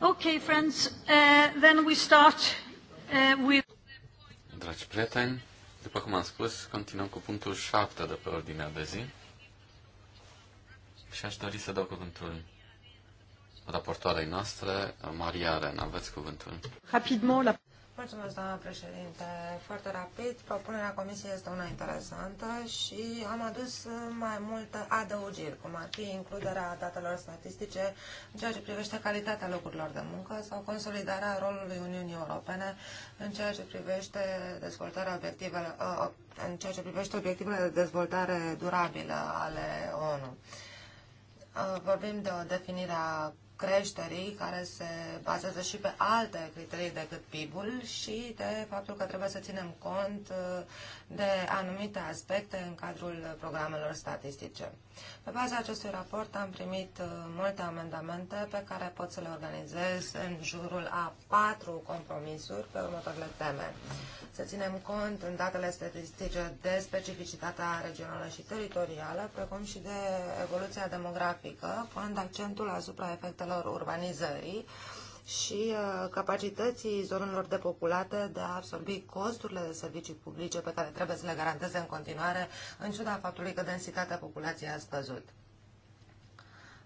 Okay, friends, uh, then we start uh, with... Dragi prieteni, după cum am spus, continuăm cu punctul 7 de pe ordinea de zi și aș dori să dau cuvântul raportoarei noastre, Maria Arena. Aveți cuvântul. Rapidement, la... Mulțumesc, doamna președinte. Foarte rapid, propunerea comisiei este una interesantă și am adus mai multe adăugiri, cum ar fi includerea datelor statistice în ceea ce privește calitatea locurilor de muncă sau consolidarea rolului Uniunii Europene în ceea ce privește dezvoltarea obiectivelor, ă, în ceea ce privește obiectivele de dezvoltare durabilă ale ONU. Vorbim de o definire a creșterii care se bazează și pe alte criterii decât PIB-ul și de faptul că trebuie să ținem cont uh, de anumite aspecte în cadrul programelor statistice. Pe baza acestui raport am primit uh, multe amendamente pe care pot să le organizez în jurul a patru compromisuri pe următoarele teme. Să ținem cont în datele statistice de specificitatea regională și teritorială, precum și de evoluția demografică, punând accentul asupra efectelor zonelor urbanizării și uh, capacității zonelor depopulate de a absorbi costurile de servicii publice pe care trebuie să le garanteze în continuare, în ciuda faptului că densitatea populației a scăzut.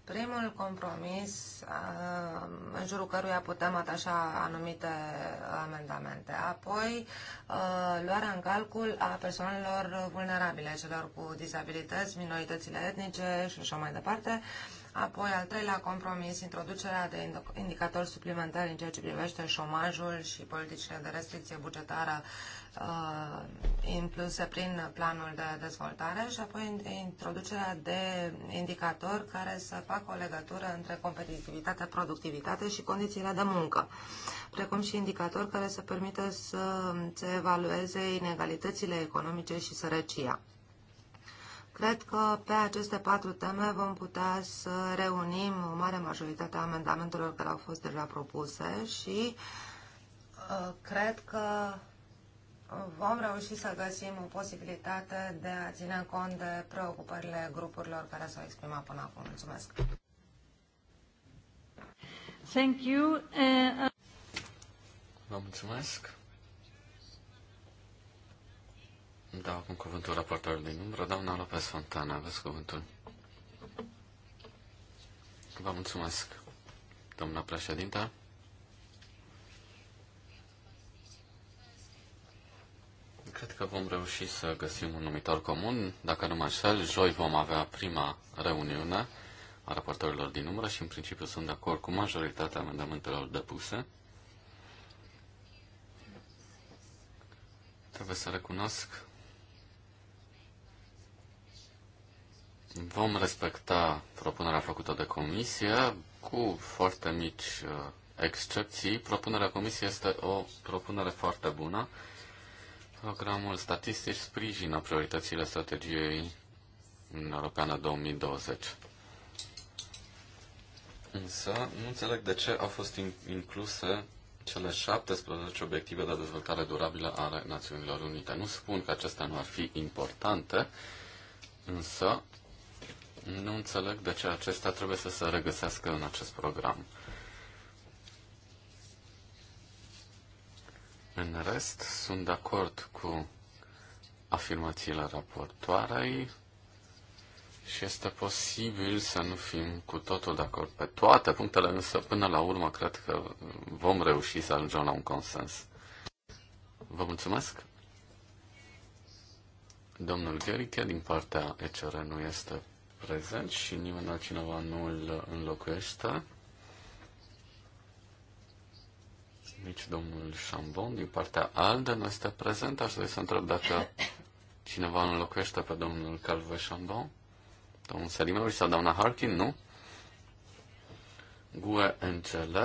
Primul compromis uh, în jurul căruia putem atașa anumite amendamente. Apoi, uh, luarea în calcul a persoanelor vulnerabile, celor cu dizabilități, minoritățile etnice și așa mai departe, Apoi, al treilea compromis, introducerea de indicatori suplimentari în ceea ce privește șomajul și politicile de restricție bugetară uh, incluse prin planul de dezvoltare și apoi introducerea de indicatori care să facă o legătură între competitivitate, productivitate și condițiile de muncă, precum și indicatori care să permită să se evalueze inegalitățile economice și sărăcia. Cred că pe aceste patru teme vom putea să reunim o mare majoritate a amendamentelor care au fost deja propuse și uh, cred că vom reuși să găsim o posibilitate de a ține cont de preocupările grupurilor care s-au exprimat până acum. Mulțumesc! Thank you. Uh, uh Vă mulțumesc! Dau acum cuvântul raportorului din umbră, doamna Lopez Fontana, aveți cuvântul. Vă mulțumesc, doamna președintă. Cred că vom reuși să găsim un numitor comun. Dacă nu mă înșel, joi vom avea prima reuniune a raportorilor din umbră și în principiu sunt de acord cu majoritatea amendamentelor depuse. Trebuie să recunosc Vom respecta propunerea făcută de comisie cu foarte mici uh, excepții. Propunerea comisiei este o propunere foarte bună. Programul statistic sprijină prioritățile strategiei Europeană 2020. Însă, nu înțeleg de ce au fost incluse cele 17 obiective de dezvoltare durabilă ale Națiunilor Unite. Nu spun că acestea nu ar fi importante, însă nu înțeleg de ce acesta trebuie să se regăsească în acest program. În rest, sunt de acord cu afirmațiile raportoarei și este posibil să nu fim cu totul de acord pe toate punctele, însă până la urmă cred că vom reuși să ajungem la un consens. Vă mulțumesc! Domnul Gheriche din partea ECR nu este prezent și nimeni altcineva nu îl înlocuiește. Nici domnul Șambon din partea ALDE nu este prezent. Aș vrea să întreb dacă cineva înlocuiește pe domnul Calvă Șambon. Domnul Selimovic sau doamna Harkin, nu? GUE NCL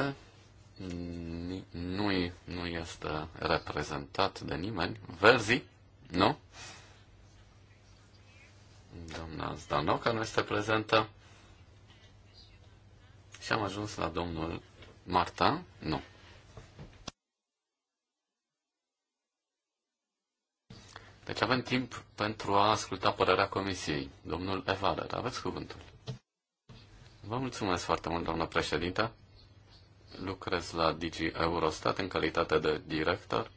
nu, nu este reprezentat de nimeni. Verzi, nu? Doamna Zdanoca nu este prezentă. Și am ajuns la domnul Marta. Nu. Deci avem timp pentru a asculta părerea comisiei. Domnul Evaler, aveți cuvântul. Vă mulțumesc foarte mult, doamnă președintă. Lucrez la Digi Eurostat în calitate de director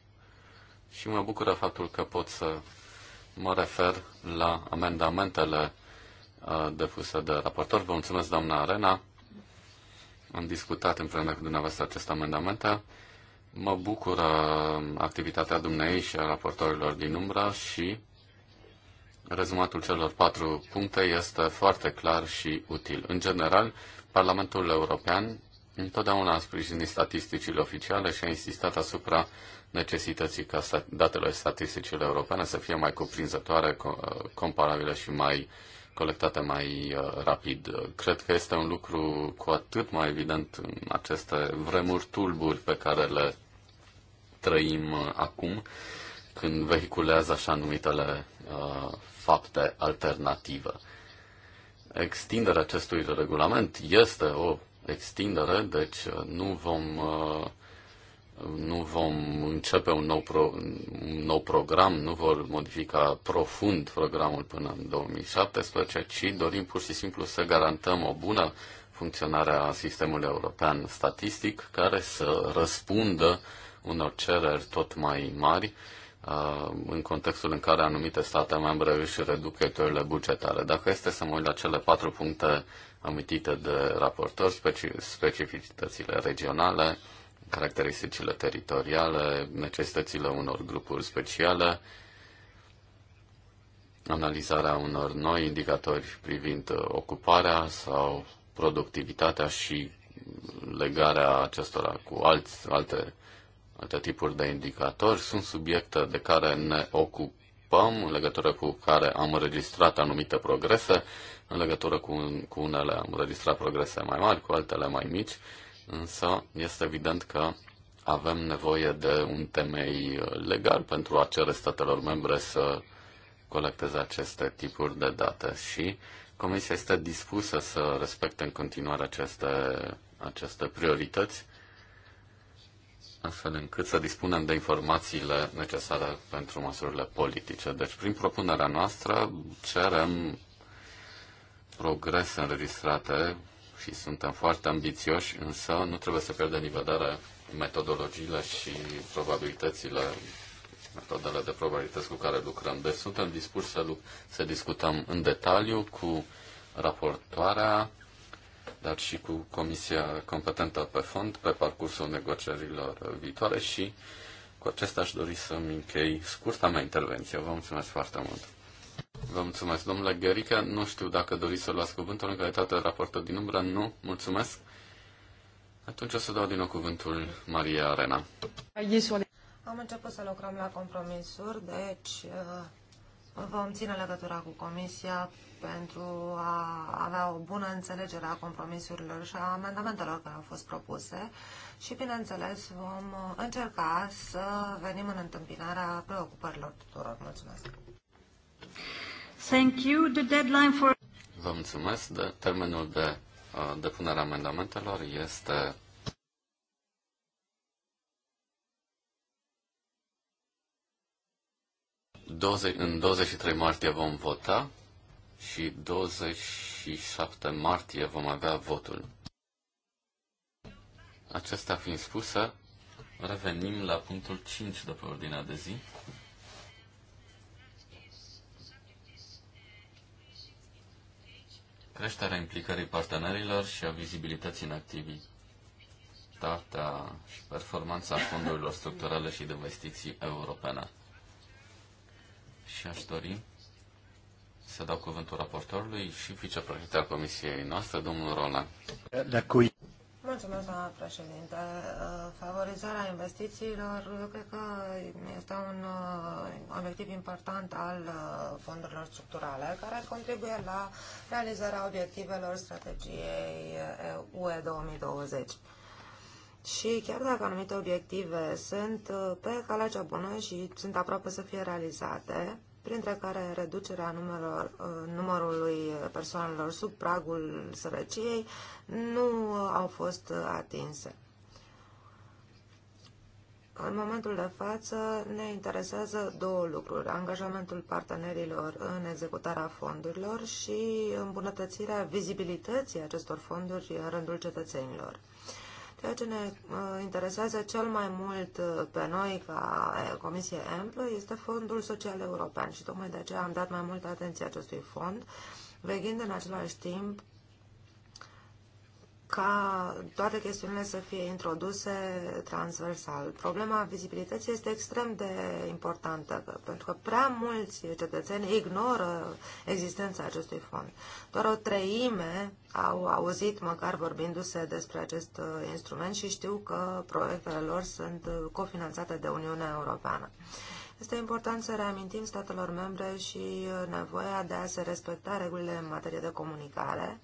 și mă bucură faptul că pot să Mă refer la amendamentele uh, depuse de raportor. Vă mulțumesc, doamna Arena. Am discutat împreună cu dumneavoastră aceste amendamente. Mă bucură uh, activitatea dumnei și a raportorilor din umbră și rezumatul celor patru puncte este foarte clar și util. În general, Parlamentul European întotdeauna a sprijinit statisticile oficiale și a insistat asupra necesității ca datele statisticile europene să fie mai cuprinzătoare, uh, comparabile și mai colectate mai uh, rapid. Cred că este un lucru cu atât mai evident în aceste vremuri tulburi pe care le trăim uh, acum, când vehiculează așa numitele uh, fapte alternative. Extinderea acestui regulament este o extindere, deci nu vom uh, nu vom începe un nou, pro, un nou program, nu vor modifica profund programul până în 2017, ci dorim pur și simplu să garantăm o bună funcționare a sistemului european statistic, care să răspundă unor cereri tot mai mari uh, în contextul în care anumite state membre își reduc cheltuielile bugetare. Dacă este să mă uit la cele patru puncte amintite de raportor, specificitățile regionale, caracteristicile teritoriale, necesitățile unor grupuri speciale, analizarea unor noi indicatori privind ocuparea sau productivitatea și legarea acestora cu alți, alte, alte tipuri de indicatori sunt subiecte de care ne ocupăm, în legătură cu care am înregistrat anumite progrese, în legătură cu, cu unele am înregistrat progrese mai mari, cu altele mai mici însă este evident că avem nevoie de un temei legal pentru a cere statelor membre să colecteze aceste tipuri de date și Comisia este dispusă să respecte în continuare aceste, aceste priorități, astfel încât să dispunem de informațiile necesare pentru măsurile politice. Deci, prin propunerea noastră, cerem progrese înregistrate și suntem foarte ambițioși, însă nu trebuie să pierdem din vedere metodologiile și probabilitățile, metodele de probabilități cu care lucrăm. Deci suntem dispuși să, să discutăm în detaliu cu raportoarea, dar și cu comisia competentă pe fond pe parcursul negocierilor viitoare și cu acesta aș dori să-mi închei scurta mea intervenție. Vă mulțumesc foarte mult! Vă mulțumesc. Domnule Gherica, nu știu dacă doriți să luați cuvântul în calitate de raportor din umbră. Nu, mulțumesc. Atunci o să dau din nou cuvântul Maria Arena. Am început să lucrăm la compromisuri, deci uh, vom ține legătura cu Comisia pentru a avea o bună înțelegere a compromisurilor și a amendamentelor care au fost propuse și, bineînțeles, vom uh, încerca să venim în întâmpinarea preocupărilor tuturor. Mulțumesc! Thank you. The deadline for... Vă mulțumesc. De, termenul de uh, depunere a amendamentelor este în 23 martie vom vota și 27 martie vom avea votul. Acestea fiind spusă, revenim la punctul 5 de pe ordinea de zi. creșterea implicării partenerilor și a vizibilității în activitatea și performanța fondurilor structurale și de investiții europene. Și aș dori să dau cuvântul raportorului și vicepreședinte comisiei noastre, domnul Roland. La da, da, cui... Mulțumesc, doamna președinte. Favorizarea investițiilor, cred că este un uh, obiectiv important al uh, fondurilor structurale, care contribuie la realizarea obiectivelor strategiei UE uh, 2020. Și chiar dacă anumite obiective sunt pe calea cea bună și sunt aproape să fie realizate, printre care reducerea numărul, uh, numărului persoanelor sub pragul sărăciei, nu au fost atinse. În momentul de față ne interesează două lucruri, angajamentul partenerilor în executarea fondurilor și îmbunătățirea vizibilității acestor fonduri în rândul cetățenilor. Ceea ce ne uh, interesează cel mai mult uh, pe noi ca uh, Comisie Amplă este Fondul Social European și tocmai de aceea am dat mai multă atenție acestui fond, veghind în același timp ca toate chestiunile să fie introduse transversal. Problema vizibilității este extrem de importantă, pentru că prea mulți cetățeni ignoră existența acestui fond. Doar o treime au auzit măcar vorbindu-se despre acest uh, instrument și știu că proiectele lor sunt cofinanțate de Uniunea Europeană. Este important să reamintim statelor membre și uh, nevoia de a se respecta regulile în materie de comunicare,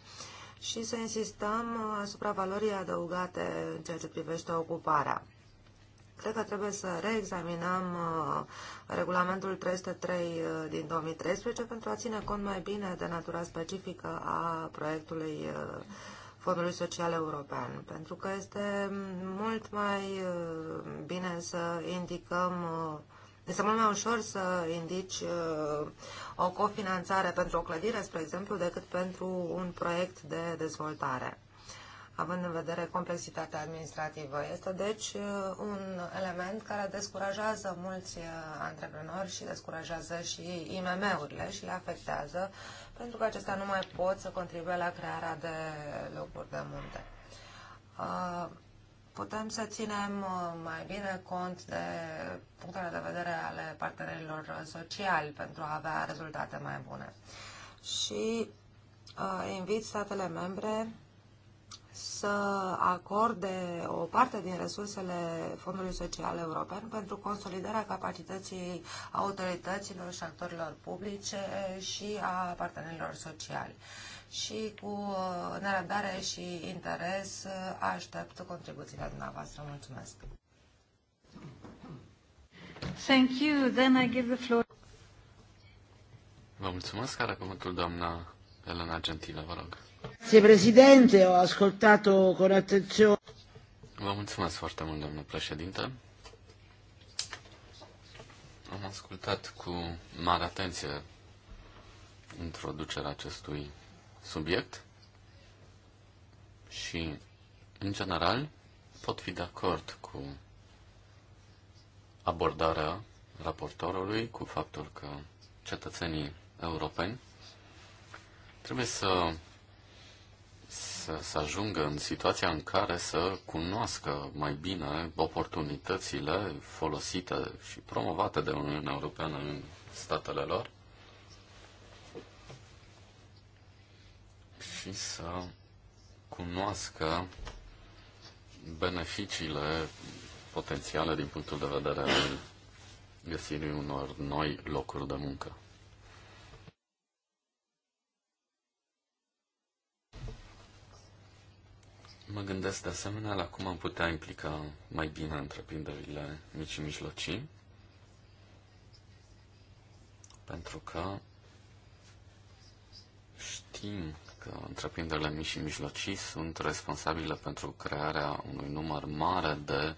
și să insistăm uh, asupra valorii adăugate în ceea ce privește ocuparea. Cred că trebuie să reexaminăm uh, regulamentul 303 uh, din 2013 pentru a ține cont mai bine de natura specifică a proiectului Fondului Social European, pentru că este mult mai bine să indicăm uh, este mult mai ușor să indici uh, o cofinanțare pentru o clădire, spre exemplu, decât pentru un proiect de dezvoltare având în vedere complexitatea administrativă. Este deci uh, un element care descurajează mulți uh, antreprenori și descurajează și IMM-urile și le afectează pentru că acestea nu mai pot să contribuie la crearea de locuri de munte putem să ținem uh, mai bine cont de punctele de vedere ale partenerilor sociali pentru a avea rezultate mai bune. Și uh, invit statele membre să acorde o parte din resursele Fondului Social European pentru consolidarea capacității autorităților și actorilor publice eh, și a partenerilor sociali. Uh, și cu uh, nerăbdare și interes uh, aștept contribuțiile dumneavoastră. Mulțumesc! Thank you. Then I give the floor. Vă mulțumesc. care cuvântul doamna Elena Gentile, vă rog. Grazie Presidente, ho ascoltato con attenzione. Vă mulțumesc foarte mult, domnul președinte. Am ascultat cu mare atenție introducerea acestui subiect și, în general, pot fi de acord cu abordarea raportorului, cu faptul că cetățenii europeni trebuie să, să, să ajungă în situația în care să cunoască mai bine oportunitățile folosite și promovate de Uniunea Europeană în statele lor și să cunoască beneficiile potențiale din punctul de vedere al găsirii unor noi locuri de muncă. Mă gândesc de asemenea la cum am putea implica mai bine întreprinderile mici și mijlocii, pentru că știm că întreprinderile mici și mijlocii sunt responsabile pentru crearea unui număr mare de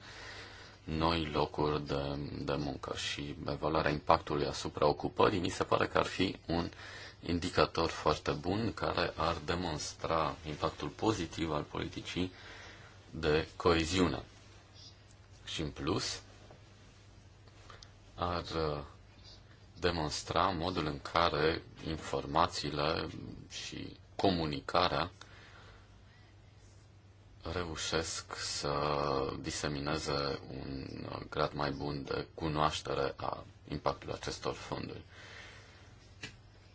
noi locuri de, de muncă și evaluarea impactului asupra ocupării mi se pare că ar fi un indicator foarte bun care ar demonstra impactul pozitiv al politicii de coeziune. Și în plus, ar demonstra modul în care informațiile și comunicarea reușesc să disemineze un grad mai bun de cunoaștere a impactului acestor fonduri.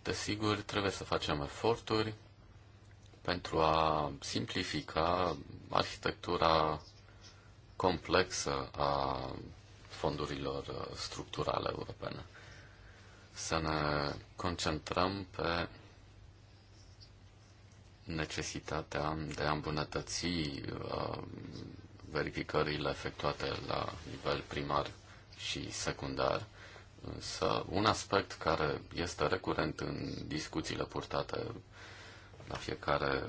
Desigur, trebuie să facem eforturi pentru a simplifica arhitectura complexă a fondurilor structurale europene. Să ne concentrăm pe necesitatea de a îmbunătăți uh, verificările efectuate la nivel primar și secundar. Însă un aspect care este recurent în discuțiile purtate la fiecare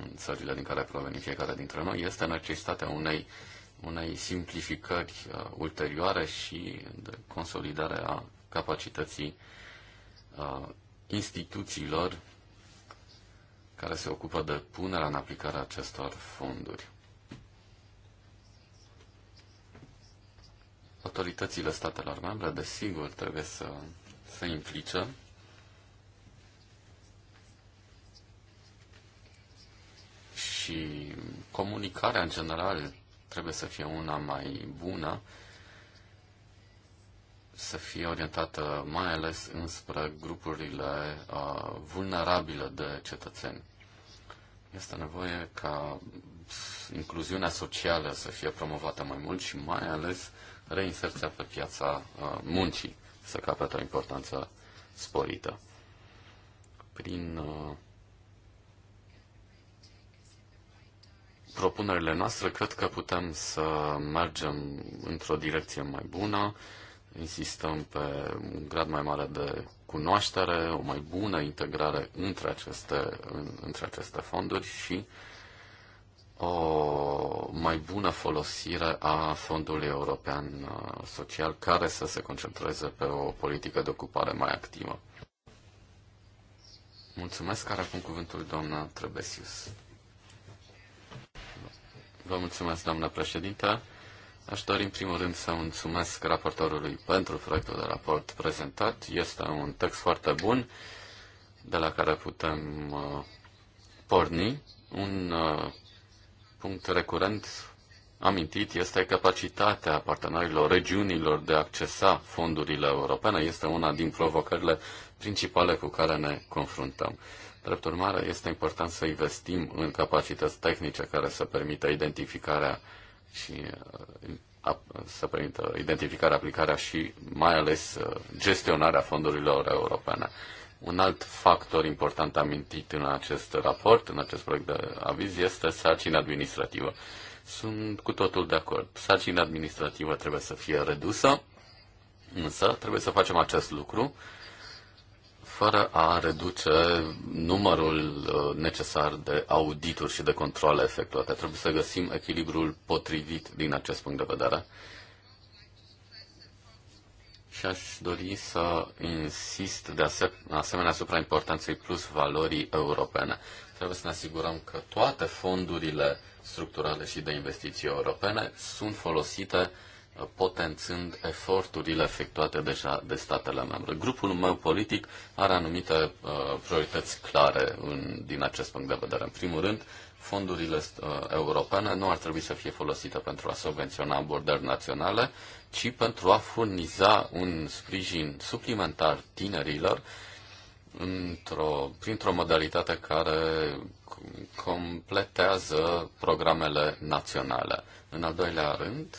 în țările din care provenim fiecare dintre noi este necesitatea unei, unei simplificări uh, ulterioare și de consolidare a capacității uh, instituțiilor care se ocupă de punerea în aplicare acestor fonduri. Autoritățile statelor membre, desigur, trebuie să se implice și comunicarea în general trebuie să fie una mai bună să fie orientată mai ales înspre grupurile uh, vulnerabile de cetățeni. Este nevoie ca incluziunea socială să fie promovată mai mult și mai ales reinserția pe piața uh, muncii să capete o importanță sporită. Prin uh, propunerile noastre, cred că putem să mergem într-o direcție mai bună. Uh, insistăm pe un grad mai mare de cunoaștere, o mai bună integrare între aceste, între aceste fonduri și o mai bună folosire a Fondului European uh, Social care să se concentreze pe o politică de ocupare mai activă. Mulțumesc, care acum cuvântul doamna Trebesius. Vă mulțumesc, doamna președinte. Aș dori în primul rând să mulțumesc raportorului pentru proiectul de raport prezentat. Este un text foarte bun de la care putem uh, porni. Un uh, punct recurent amintit este capacitatea partenerilor regiunilor de a accesa fondurile europene. Este una din provocările principale cu care ne confruntăm. Drept urmare, este important să investim în capacități tehnice care să permită identificarea și uh, să permită identificarea, aplicarea și mai ales uh, gestionarea fondurilor europene. Un alt factor important amintit în acest raport, în acest proiect de aviz, este sarcina administrativă. Sunt cu totul de acord. Sarcina administrativă trebuie să fie redusă, însă trebuie să facem acest lucru fără a reduce numărul uh, necesar de audituri și de controle efectuate. Trebuie să găsim echilibrul potrivit din acest punct de vedere. Și aș dori să insist de asemenea asupra importanței plus valorii europene. Trebuie să ne asigurăm că toate fondurile structurale și de investiții europene sunt folosite potențând eforturile efectuate deja de statele membre. Grupul meu politic are anumite uh, priorități clare în, din acest punct de vedere. În primul rând, fondurile uh, europene nu ar trebui să fie folosite pentru a subvenționa abordări naționale, ci pentru a furniza un sprijin suplimentar tinerilor într-o, printr-o modalitate care completează programele naționale. În al doilea rând,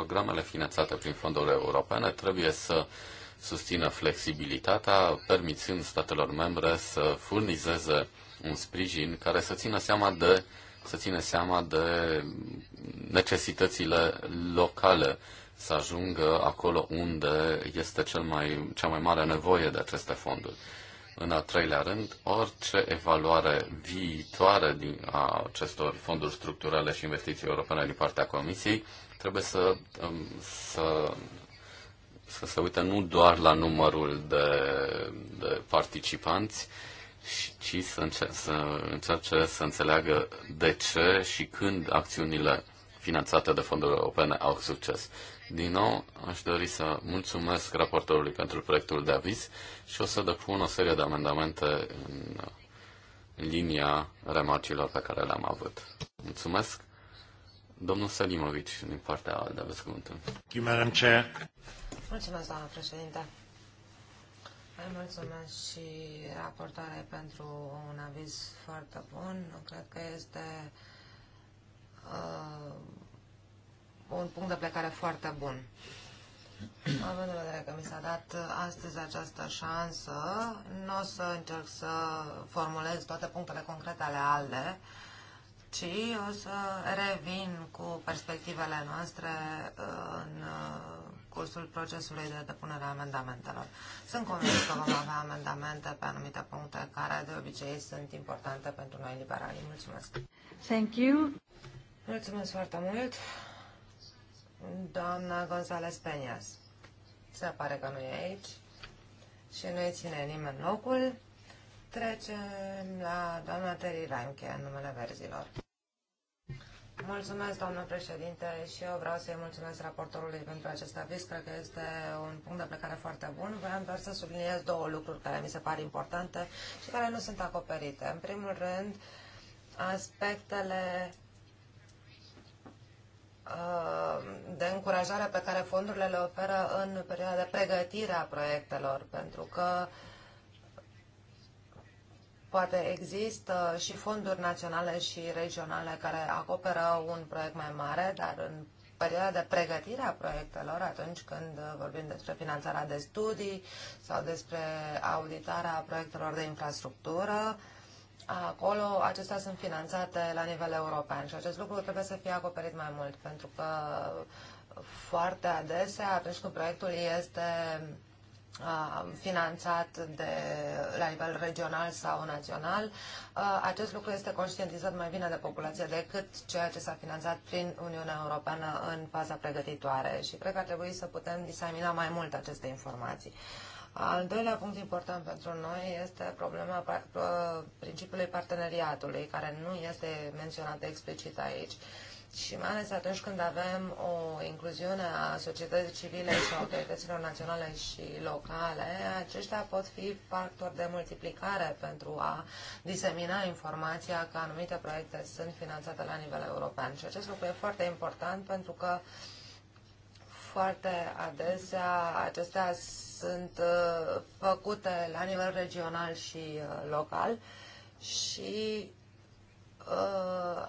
programele finanțate prin fondurile europene trebuie să susțină flexibilitatea, permițând statelor membre să furnizeze un sprijin care să țină seama de, să țină seama de necesitățile locale, să ajungă acolo unde este cel mai, cea mai mare nevoie de aceste fonduri. În al treilea rând, orice evaluare viitoare din, a acestor fonduri structurale și investiții europene din partea Comisiei trebuie să, um, să, să se uite nu doar la numărul de, de participanți, ci să, încer- să încerce să înțeleagă de ce și când acțiunile finanțate de fonduri europene au succes. Din nou, aș dori să mulțumesc raportorului pentru proiectul de aviz și o să depun o serie de amendamente în, linia remarcilor pe care le-am avut. Mulțumesc. Domnul Selimovic, din partea ALDE, aveți cuvântul. Mulțumesc, doamna președinte. Îi mulțumesc și raportare pentru un aviz foarte bun. Cred că este uh, un punct de plecare foarte bun. Având în vedere că mi s-a dat uh, astăzi această șansă, nu o să încerc să formulez toate punctele concrete ale ALDE, ci o să revin cu perspectivele noastre uh, în uh, cursul procesului de depunere a amendamentelor. Sunt convins că vom avea amendamente pe anumite puncte care de obicei sunt importante pentru noi liberali. Mulțumesc! Thank you! Mulțumesc foarte mult! Doamna González Peñas. Se pare că nu e aici și nu-i ține nimeni locul. Trecem la doamna Terry Ranche, în numele verzilor. Mulțumesc, doamnă președinte, și eu vreau să-i mulțumesc raportorului pentru acest aviz. Cred că este un punct de plecare foarte bun. Vreau doar să subliniez două lucruri care mi se par importante și care nu sunt acoperite. În primul rând, aspectele Uh, de încurajare pe care fondurile le oferă în perioada de pregătire a proiectelor, pentru că poate există și fonduri naționale și regionale care acoperă un proiect mai mare, dar în perioada de pregătire a proiectelor, atunci când vorbim despre finanțarea de studii sau despre auditarea proiectelor de infrastructură, uh, acolo, acestea sunt finanțate la nivel european și acest lucru trebuie să fie acoperit mai mult, pentru că foarte adesea, atunci când proiectul este finanțat de, la nivel regional sau național, acest lucru este conștientizat mai bine de populație decât ceea ce s-a finanțat prin Uniunea Europeană în faza pregătitoare și cred că ar trebui să putem disemina mai mult aceste informații. Al doilea punct important pentru noi este problema principiului parteneriatului, care nu este menționată explicit aici. Și mai ales atunci când avem o incluziune a societății civile și a autorităților naționale și locale, aceștia pot fi factori de multiplicare pentru a disemina informația că anumite proiecte sunt finanțate la nivel european. Și acest lucru e foarte important pentru că foarte adesea acestea sunt uh, făcute la nivel regional și uh, local și uh,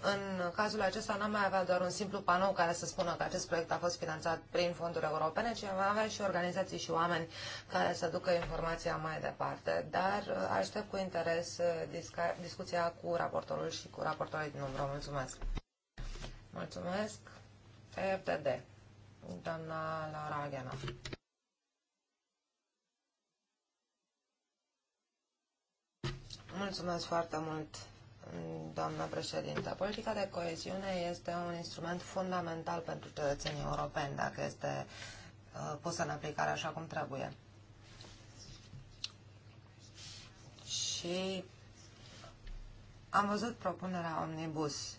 în cazul acesta n-am mai avea doar un simplu panou care să spună că acest proiect a fost finanțat prin fonduri europene, ci am avea și organizații și oameni care să ducă informația mai departe. Dar aștept cu interes discuția cu raportorul și cu raportorul din umbră. Mulțumesc! Mulțumesc! EFTD. Doamna Laura Aghena. Mulțumesc foarte mult, doamnă președintă. Politica de coeziune este un instrument fundamental pentru cetățenii europeni, dacă este uh, pusă în aplicare așa cum trebuie. Și am văzut propunerea Omnibus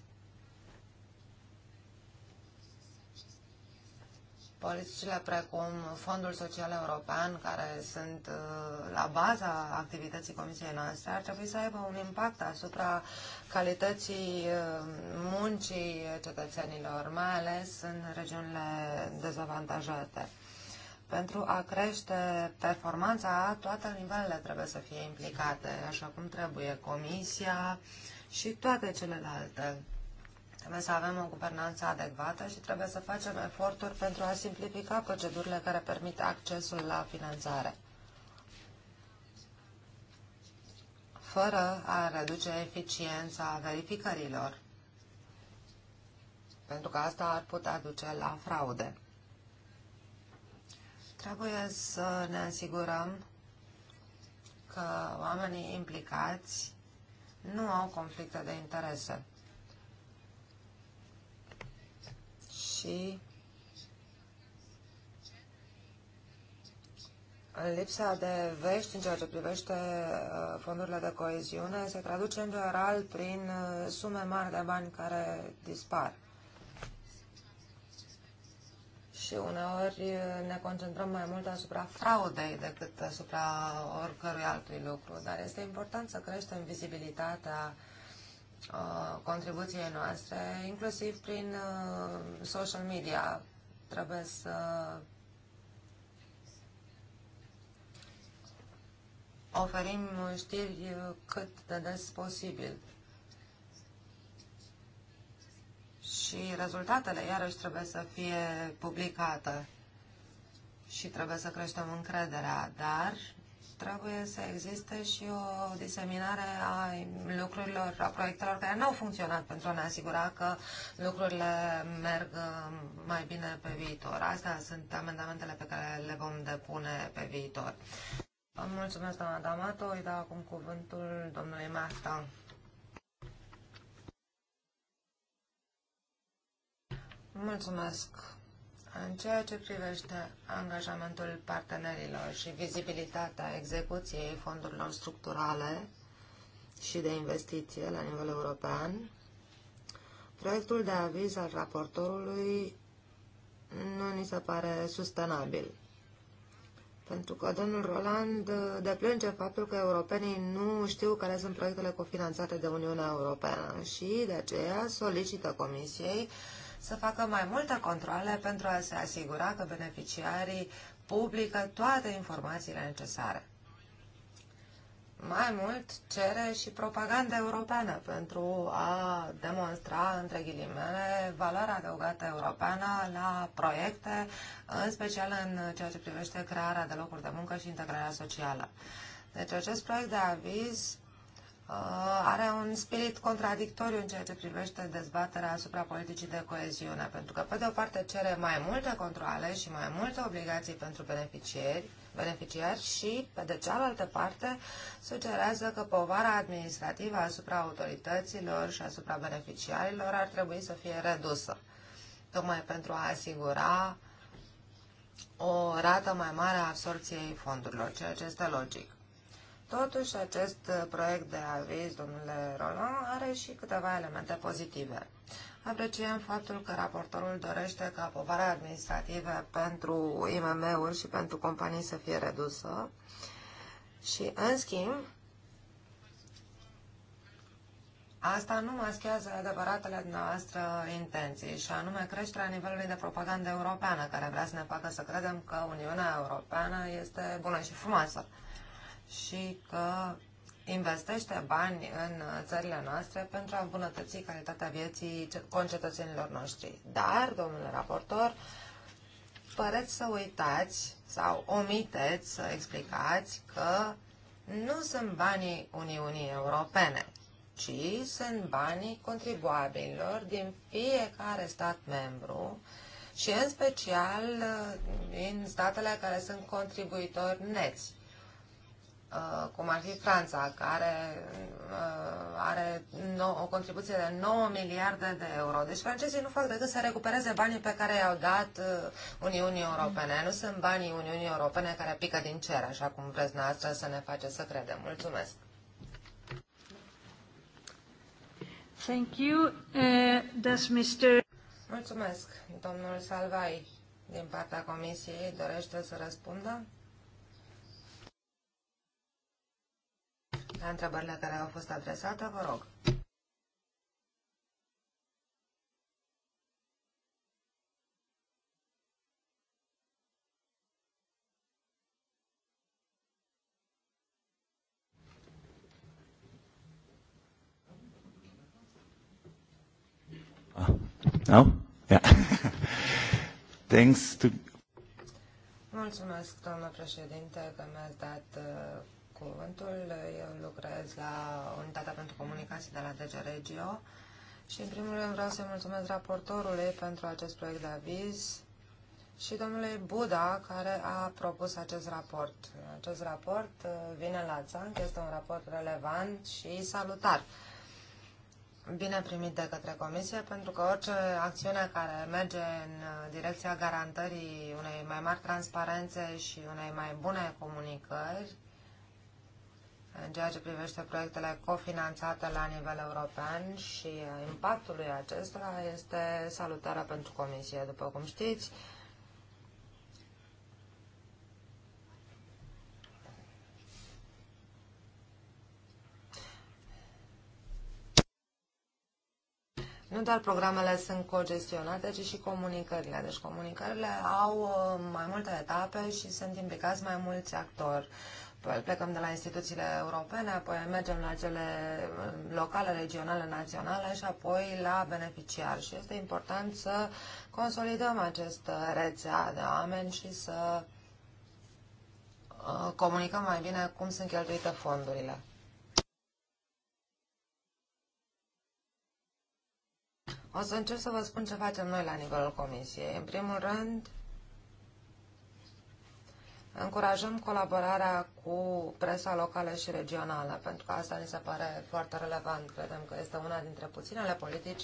politicile precum Fondul Social European, care sunt uh, la baza activității comisiei noastre, ar trebui să aibă un impact asupra calității uh, muncii cetățenilor, mai ales în regiunile dezavantajate. Pentru a crește performanța, toate nivelele trebuie să fie implicate, așa cum trebuie Comisia și toate celelalte Trebuie să avem o guvernanță adecvată și trebuie să facem eforturi pentru a simplifica procedurile care permit accesul la finanțare. fără a reduce eficiența verificărilor, pentru că asta ar putea duce la fraude. Trebuie să ne asigurăm că oamenii implicați nu au conflicte de interese. și lipsa de vești în ceea ce privește uh, fondurile de coeziune se traduce în general prin uh, sume mari de bani care dispar. Și uneori uh, ne concentrăm mai mult asupra fraudei decât asupra oricărui altui lucru, dar este important să creștem vizibilitatea Uh, contribuțiile noastre, inclusiv prin uh, social media. Trebuie să oferim știri uh, cât de des posibil. Și rezultatele, iarăși, trebuie să fie publicate și trebuie să creștem încrederea, dar trebuie să existe și o diseminare a lucrurilor, a proiectelor care nu au funcționat pentru a ne asigura că lucrurile merg uh, mai bine pe viitor. Astea sunt amendamentele pe care le vom depune pe viitor. Mulțumesc, doamna D'Amato. Îi dau acum cuvântul domnului Marta. Mulțumesc, în ceea ce privește angajamentul partenerilor și vizibilitatea execuției fondurilor structurale și de investiție la nivel european, proiectul de aviz al raportorului nu ni se pare sustenabil. Pentru că domnul Roland deplânge faptul că europenii nu știu care sunt proiectele cofinanțate de Uniunea Europeană și de aceea solicită Comisiei uh, să facă mai multe controle pentru a se asigura că beneficiarii publică toate informațiile necesare. Mai mult cere și propaganda europeană pentru a demonstra, între ghilimele, valoarea adăugată europeană la proiecte, în special în ceea ce privește crearea de locuri de muncă și integrarea socială. Deci acest proiect de aviz Uh, are un spirit contradictoriu în ceea ce privește dezbaterea asupra politicii de coeziune, pentru că, pe de o parte, cere mai multe controle și mai multe obligații pentru beneficiari, beneficiari și, pe de cealaltă parte, sugerează că povara administrativă asupra autorităților și asupra beneficiarilor ar trebui să fie redusă, tocmai pentru a asigura o rată mai mare a absorției fondurilor, ceea ce este logic. Totuși, acest uh, proiect de aviz, domnule Roland, are și câteva elemente pozitive. Apreciem faptul că raportorul dorește ca povara administrativă pentru IMM-uri și pentru companii să fie redusă și, în schimb, Asta nu maschează adevăratele noastre intenții, și anume creșterea nivelului de propagandă europeană, care vrea să ne facă să credem că Uniunea Europeană este bună și frumoasă și că investește bani în țările noastre pentru a îmbunătăți calitatea vieții concetățenilor noștri. Dar, domnule raportor, păreți să uitați sau omiteți să explicați că nu sunt banii Uniunii Europene, ci sunt banii contribuabililor din fiecare stat membru și în special uh, din statele care sunt contribuitori neți. Uh, cum ar fi Franța, care uh, are o contribuție de 9 miliarde de euro. Deci francezii nu fac decât să recupereze banii pe care i-au dat uh, Uniunii Europene. Nu sunt banii Uniunii Europene care pică din cer, așa cum vreți noastră să ne face să credem. Mulțumesc! Thank you. Uh, Mr. Mulțumesc. Domnul Salvai, din partea Comisiei, dorește să răspundă? la întrebările care au fost adresate, vă rog. No? Yeah. Thanks to... Mulțumesc, doamnă președinte, că mi-ați dat uh, cuvântul. Eu lucrez la Unitatea pentru Comunicații de la DG Regio și, în primul rând, vreau să-i mulțumesc raportorului pentru acest proiect de aviz și domnului Buda, care a propus acest raport. Acest raport uh, vine la țanc, este un raport relevant și salutar. Bine primit de către Comisie, pentru că orice acțiune care merge în uh, direcția garantării unei mai mari transparențe și unei mai bune comunicări în ceea ce privește proiectele cofinanțate la nivel european și lui acestora este salutară pentru Comisie, după cum știți. Nu doar programele sunt cogestionate, ci și comunicările. Deci comunicările au uh, mai multe etape și sunt implicați mai mulți actori. Păi, plecăm de la instituțiile europene, apoi mergem la cele locale, regionale, naționale și apoi la beneficiari. Și este important să consolidăm această rețea de oameni și să uh, comunicăm mai bine cum sunt cheltuite fondurile. O să încerc să vă spun ce facem noi la nivelul Comisiei. În primul rând, încurajăm colaborarea cu presa locală și regională, pentru că asta ni se pare foarte relevant. Credem că este una dintre puținele politici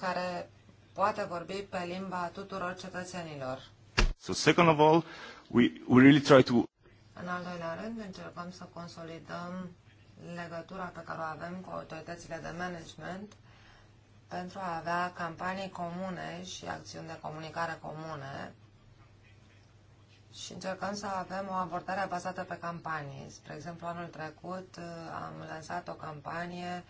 care poate vorbi pe limba tuturor cetățenilor. So second of all, we, we really try to... În al doilea rând, încercăm să consolidăm legătura pe care o avem cu autoritățile de management pentru a avea campanii comune și acțiuni de comunicare comune și încercăm să avem o abordare bazată pe campanii. Spre exemplu, anul trecut uh, am lansat o campanie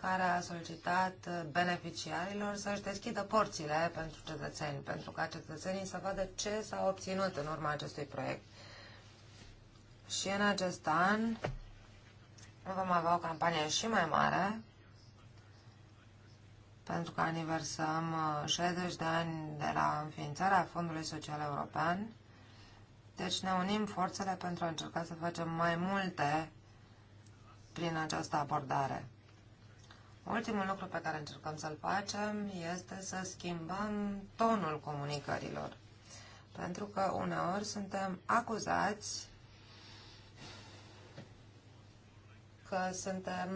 care a solicitat uh, beneficiarilor să-și deschidă porțile pentru cetățeni, pentru ca cetățenii să vadă ce s-a obținut în urma acestui proiect. Și în acest an vom avea o campanie și mai mare, pentru că aniversăm 60 uh, de ani de la înființarea Fondului Social European deci ne unim forțele pentru a încerca să facem mai multe prin această abordare. Ultimul lucru pe care încercăm să-l facem este să schimbăm tonul comunicărilor. Pentru că uneori suntem acuzați că suntem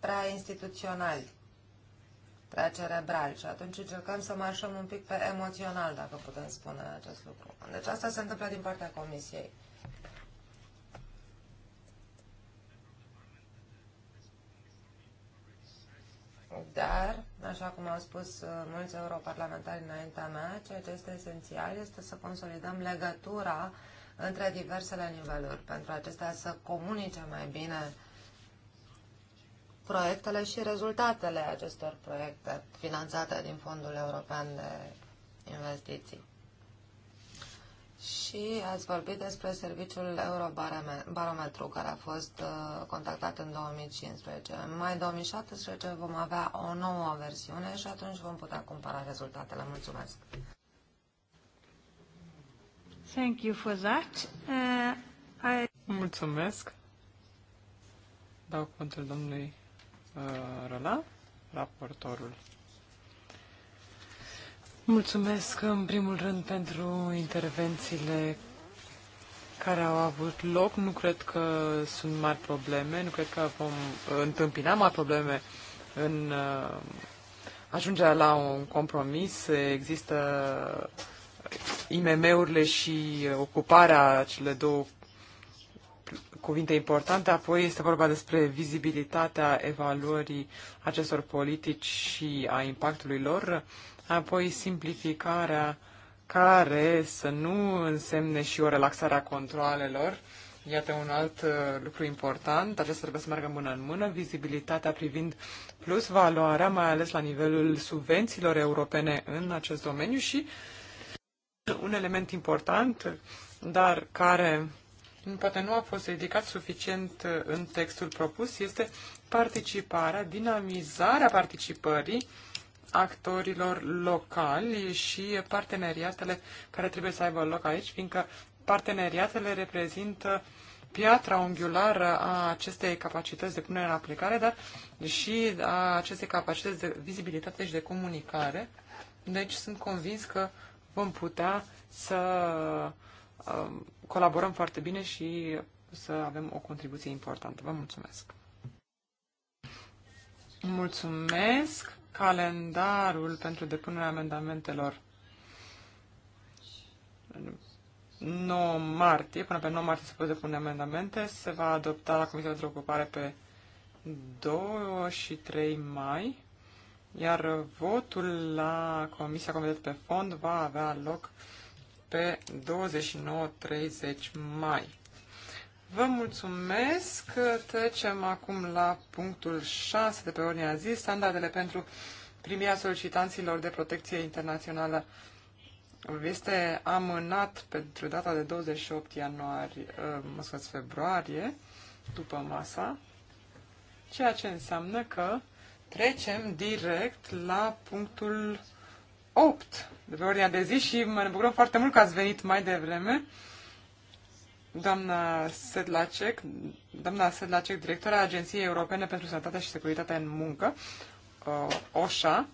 prea instituționali prea cerebral și atunci încercăm să marșăm un pic pe emoțional, dacă putem spune acest lucru. Deci asta se întâmplă din partea Comisiei. Dar, așa cum au spus uh, mulți europarlamentari înaintea mea, ceea ce este esențial este să consolidăm legătura între diversele niveluri, pentru acestea să comunice mai bine proiectele și rezultatele acestor proiecte finanțate din Fondul European de Investiții. Și ați vorbit despre serviciul Eurobarometru, care a fost uh, contactat în 2015. În mai 2017 vom avea o nouă versiune și atunci vom putea compara rezultatele. Mulțumesc! Thank you for that. Uh, I... Mulțumesc! Dau cuvântul domnului Uh, Rona, raportorul. Mulțumesc în primul rând pentru intervențiile care au avut loc. Nu cred că sunt mari probleme, nu cred că vom uh, întâmpina mari probleme în uh, ajungerea la un compromis. Există IMM-urile și ocuparea cele două cuvinte importante, apoi este vorba despre vizibilitatea evaluării acestor politici și a impactului lor, apoi simplificarea care să nu însemne și o relaxare a controalelor. Iată un alt uh, lucru important, acesta trebuie să meargă mână în mână, vizibilitatea privind plus valoarea, mai ales la nivelul subvențiilor europene în acest domeniu și un element important, dar care poate nu a fost ridicat suficient uh, în textul propus, este participarea, dinamizarea participării actorilor locali și parteneriatele care trebuie să aibă loc aici, fiindcă parteneriatele reprezintă piatra unghiulară a acestei capacități de punere în aplicare, dar și a acestei capacități de vizibilitate și de comunicare. Deci sunt convins că vom putea să Um, colaborăm foarte bine și să avem o contribuție importantă. Vă mulțumesc! Mulțumesc! Calendarul pentru depunerea amendamentelor 9 martie, până pe 9 martie se pot depune amendamente, se va adopta la Comisia de Ocupare pe 2 și 3 mai, iar votul la Comisia Comitetului pe Fond va avea loc pe 29-30 mai. Vă mulțumesc. Trecem acum la punctul 6 de pe ordinea zi, standardele pentru primirea solicitanților de protecție internațională este amânat pentru data de 28 ianuarie, ă, mă scuze, februarie, după masa, ceea ce înseamnă că trecem direct la punctul 8 de pe ordinea de zi și mă bucurăm foarte mult că ați venit mai devreme. Doamna Sedlacek, doamna Sedlacek, directora Agenției Europene pentru Sănătatea și Securitatea în Muncă, uh, OSHA,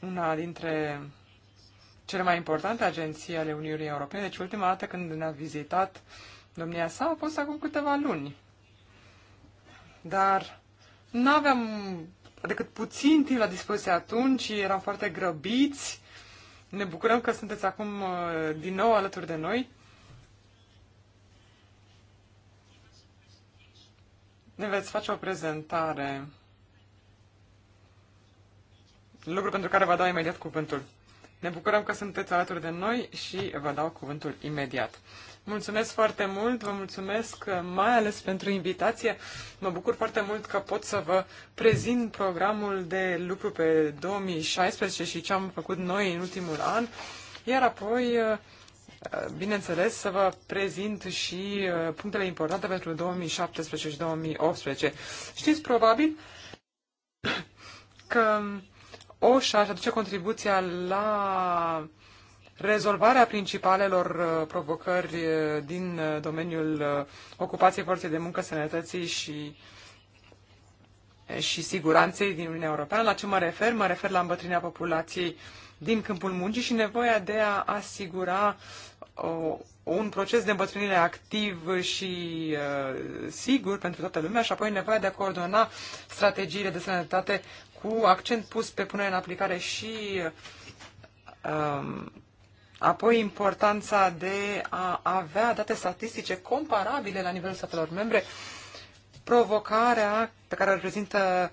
una dintre cele mai importante agenții ale Uniunii Europene. Deci ultima dată când ne-a vizitat domnia sa a fost acum câteva luni. Dar nu aveam decât puțin timp la dispoziție atunci, eram foarte grăbiți. Ne bucurăm că sunteți acum uh, din nou alături de noi. Ne veți face o prezentare, lucru pentru care vă dau imediat cuvântul. Ne bucurăm că sunteți alături de noi și vă dau cuvântul imediat. Mulțumesc foarte mult, vă mulțumesc uh, mai ales pentru invitație. Mă bucur foarte mult că pot să vă prezint programul de lucru pe 2016 și ce am făcut noi în ultimul an, iar apoi, uh, uh, bineînțeles, să vă prezint și punctele importante pentru 2017 și 2018. Știți probabil că um, OSHA își aduce contribuția la rezolvarea principalelor uh, provocări uh, din uh, domeniul ocupației forței de muncă, sănătății și și siguranței din Uniunea Europeană. La ce mă refer? Mă refer la îmbătrânirea populației din câmpul muncii și nevoia de a asigura o, un proces de îmbătrânire activ și uh, sigur pentru toată lumea și apoi nevoia de a coordona strategiile de sănătate cu accent pus pe punerea în aplicare și um, Apoi importanța de a avea date statistice comparabile la nivelul statelor membre, provocarea pe care o reprezintă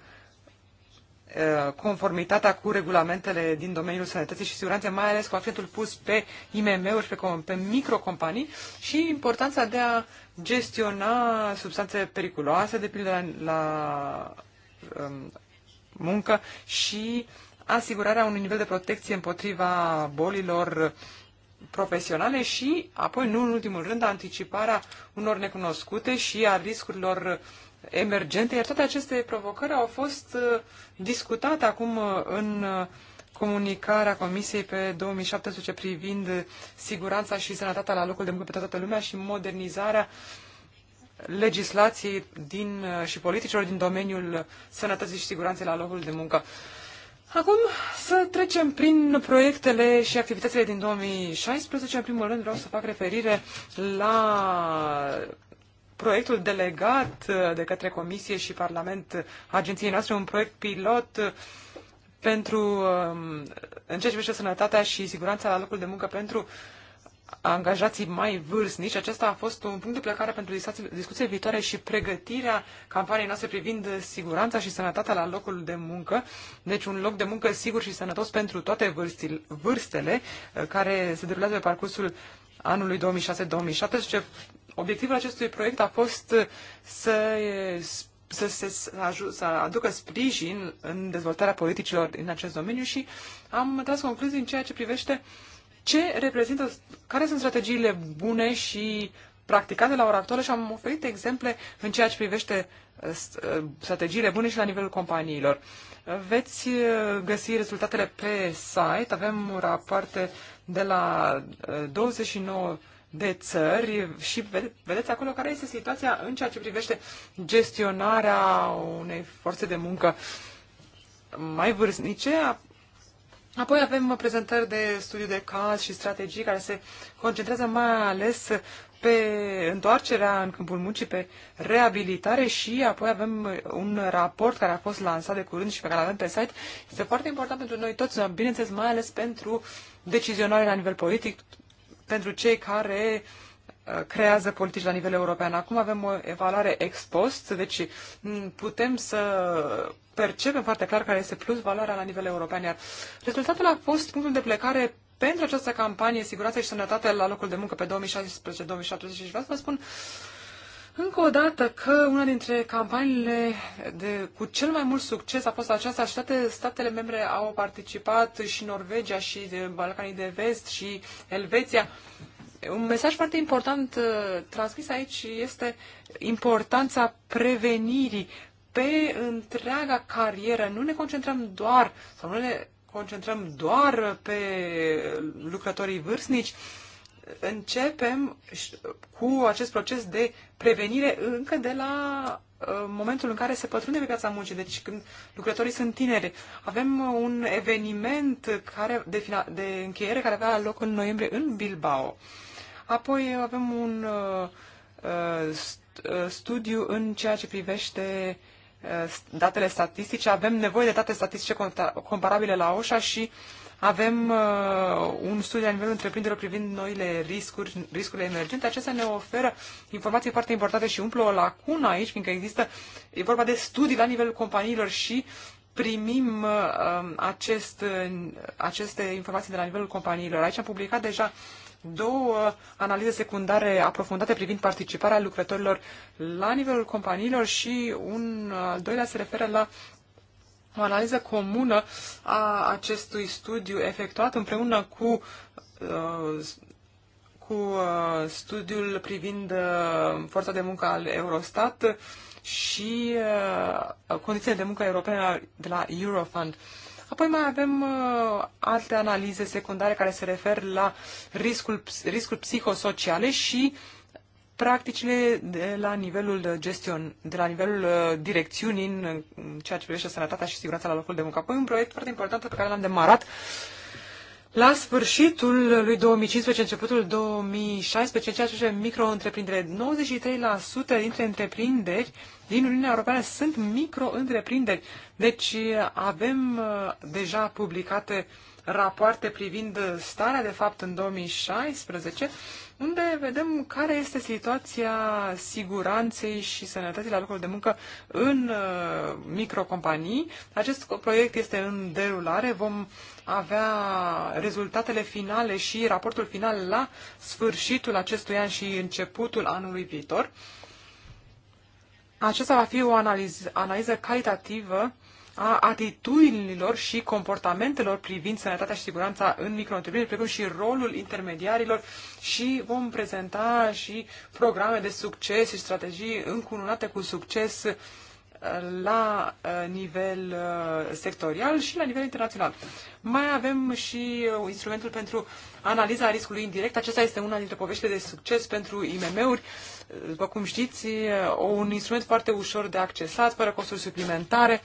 conformitatea cu regulamentele din domeniul sănătății și siguranței, mai ales cu accentul pus pe IMM-uri și pe, pe microcompanii și importanța de a gestiona substanțe periculoase, de pildă la, la um, muncă și asigurarea unui nivel de protecție împotriva bolilor uh, profesionale și, apoi, nu în ultimul rând, anticiparea unor necunoscute și a riscurilor emergente, iar toate aceste provocări au fost uh, discutate acum uh, în uh, comunicarea Comisiei pe 2017 privind siguranța și sănătatea la locul de muncă pe toată lumea și modernizarea legislației din, și politicilor din domeniul sănătății și siguranței la locul de muncă. Acum să trecem prin proiectele și activitățile din 2016. În primul rând vreau să fac referire la proiectul delegat de către Comisie și Parlament agenției noastre, un proiect pilot pentru, um, în ceea ce privește sănătatea și siguranța la locul de muncă pentru uh, angajații mai vârstnici. Acesta a fost un punct de plecare pentru discuție viitoare și pregătirea campaniei noastre privind siguranța și sănătatea la locul de muncă. Deci un loc de muncă sigur și sănătos pentru toate vârstele uh, care se derulează pe parcursul anului 2006-2017. Obiectivul acestui proiect a fost uh, să să, se, să, ajut, să aducă sprijin în dezvoltarea politicilor în acest domeniu și am tras concluzii în ceea ce privește uh, ce reprezintă, care sunt strategiile bune și practicate la ora actuală și am oferit exemple în ceea ce privește uh, uh, strategiile bune și la nivelul companiilor. Veți uh, găsi rezultatele pe site, avem rapoarte de la 29 de țări și vedeți acolo care este situația în ceea ce privește gestionarea unei forțe de muncă mai vârstnice, Apoi avem prezentări de studiu de caz și strategii care se concentrează mai ales pe întoarcerea în câmpul muncii, pe reabilitare și apoi avem un raport care a fost lansat de curând și pe care l avem pe site. Este foarte important pentru noi toți, bineînțeles, mai ales pentru decizionare la nivel politic, pentru cei care uh, creează politici la nivel european. Acum avem o evaluare ex post, deci putem să percepem foarte clar care este plus valoarea la nivel european, iar rezultatul a fost punctul de plecare pentru această campanie Siguranță și Sănătate la locul de muncă pe 2016-2017 și vreau să vă spun încă o dată că una dintre campaniile de, cu cel mai mult succes a fost aceasta și toate statele membre au participat și Norvegia și de Balcanii de Vest și Elveția. Un mesaj foarte important uh, transmis aici este importanța prevenirii pe întreaga carieră. Nu ne concentrăm doar, sau nu ne concentrăm doar pe lucrătorii vârstnici, începem cu acest proces de prevenire încă de la uh, momentul în care se pătrunde pe piața muncii, deci când lucrătorii sunt tineri. Avem uh, un eveniment care, de, final, de încheiere care avea loc în noiembrie în Bilbao. Apoi avem un uh, uh studiu în ceea ce privește datele statistice, avem nevoie de date statistice comparabile la OSHA și avem uh, un studiu la nivelul întreprinderilor privind noile riscuri, riscurile emergente. Acestea ne oferă informații foarte importante și umplă o lacună aici, fiindcă există, e vorba de studii la nivelul companiilor și primim uh, um, acest, uh, aceste informații de la nivelul companiilor. Aici am publicat deja două analize secundare aprofundate privind participarea lucrătorilor la nivelul companiilor și un al doilea se referă la o analiză comună a acestui studiu efectuat împreună cu uh, cu uh, studiul privind uh, forța de muncă al Eurostat și condițiile de muncă europene de la Eurofund. Apoi mai avem uh, alte analize secundare care se refer la riscul, riscuri psihosociale și practicile de la nivelul de gestion, de la nivelul uh, direcțiunii în ceea ce privește sănătatea și siguranța la locul de muncă. Apoi un proiect foarte important pe care l-am demarat uh, la sfârșitul lui 2015, începutul 2016, ceea ce privește micro-întreprindere, 93% dintre întreprinderi din Uniunea Europeană sunt micro-întreprinderi. Deci avem uh, deja publicate uh, rapoarte privind starea de fapt în 2016, unde vedem care este situația siguranței și sănătății la locul de muncă în uh, microcompanii. Acest proiect este în derulare, vom avea rezultatele finale și raportul final la sfârșitul acestui an și începutul anului viitor. Acesta va fi o analiză, analiză calitativă a atitudinilor și comportamentelor privind sănătatea și siguranța în micro precum și rolul intermediarilor și vom prezenta și programe de succes și strategii încununate cu succes uh, la uh, nivel uh, sectorial și la nivel internațional. Mai avem și instrumentul pentru analiza riscului indirect. Acesta este una dintre poveștile de succes pentru IMM-uri. După cum știți, un instrument foarte ușor de accesat, fără costuri suplimentare.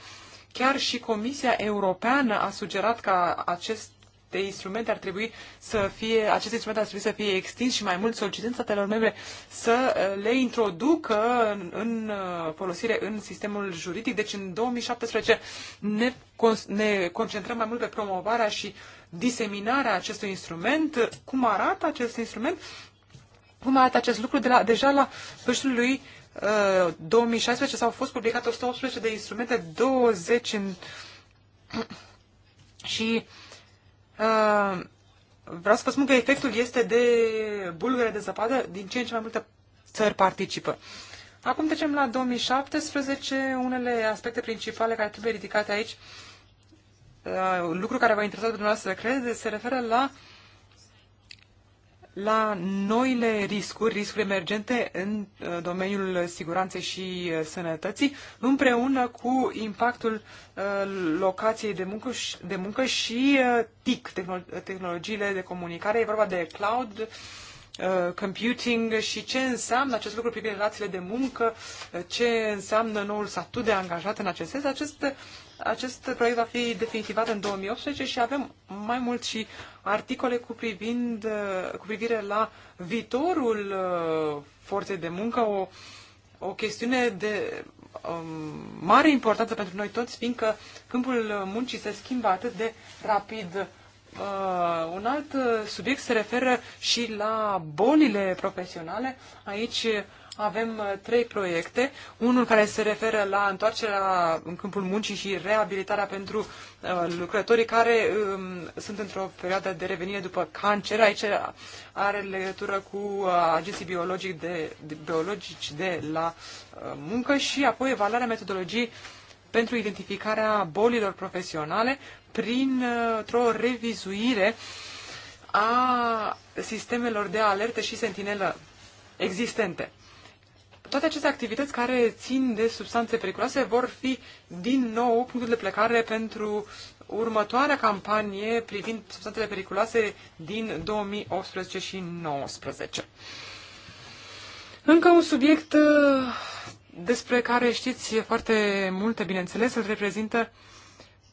Chiar și Comisia Europeană a sugerat ca acest de instrumente ar trebui să fie, aceste instrumente ar trebui să fie extins și mai mult solicitând statelor membre să uh, le introducă în, în uh, folosire în sistemul juridic. Deci în 2017 ne, ne concentrăm mai mult pe promovarea și diseminarea acestui instrument. Cum arată acest instrument? Cum arată acest lucru de la, deja la sfârșitul lui 2016 uh, s-au fost publicate 118 de instrumente, 20 în... și uh, vreau să vă spun că efectul este de bulgăre de zăpadă, din ce în ce mai multe țări participă. Acum trecem la 2017, unele aspecte principale care trebuie ridicate aici, uh, lucru care v-a interesat pe dumneavoastră, cred, se referă la uh, la noile riscuri, riscuri emergente în uh, domeniul siguranței și uh, sănătății, împreună cu impactul uh, locației de muncă și, de muncă și TIC, tehnologiile de comunicare. E vorba de cloud, computing și ce înseamnă acest lucru privind relațiile de muncă, ce înseamnă noul statut de angajat în acest sens. Acest acest proiect va fi definitivat în 2018 și avem mai mult și articole cu, privind, cu privire la viitorul uh, forței de muncă, o, o chestiune de um, mare importanță pentru noi toți, fiindcă câmpul muncii se schimbă atât de rapid. Uh, un alt uh, subiect se referă și la bolile profesionale. Aici avem uh, trei proiecte. Unul care se referă la întoarcerea în câmpul muncii și reabilitarea pentru uh, lucrătorii care um, sunt într-o perioadă de revenire după cancer. Aici are legătură cu uh, agenții biologici de, de, biologici de la muncă și apoi evaluarea metodologiei pentru identificarea bolilor profesionale printr-o revizuire a sistemelor de alertă și sentinelă existente toate aceste activități care țin de substanțe periculoase vor fi din nou punctul de plecare pentru următoarea campanie privind substanțele periculoase din 2018 și 2019. Încă un subiect uh, despre care știți foarte multe, bineînțeles, îl reprezintă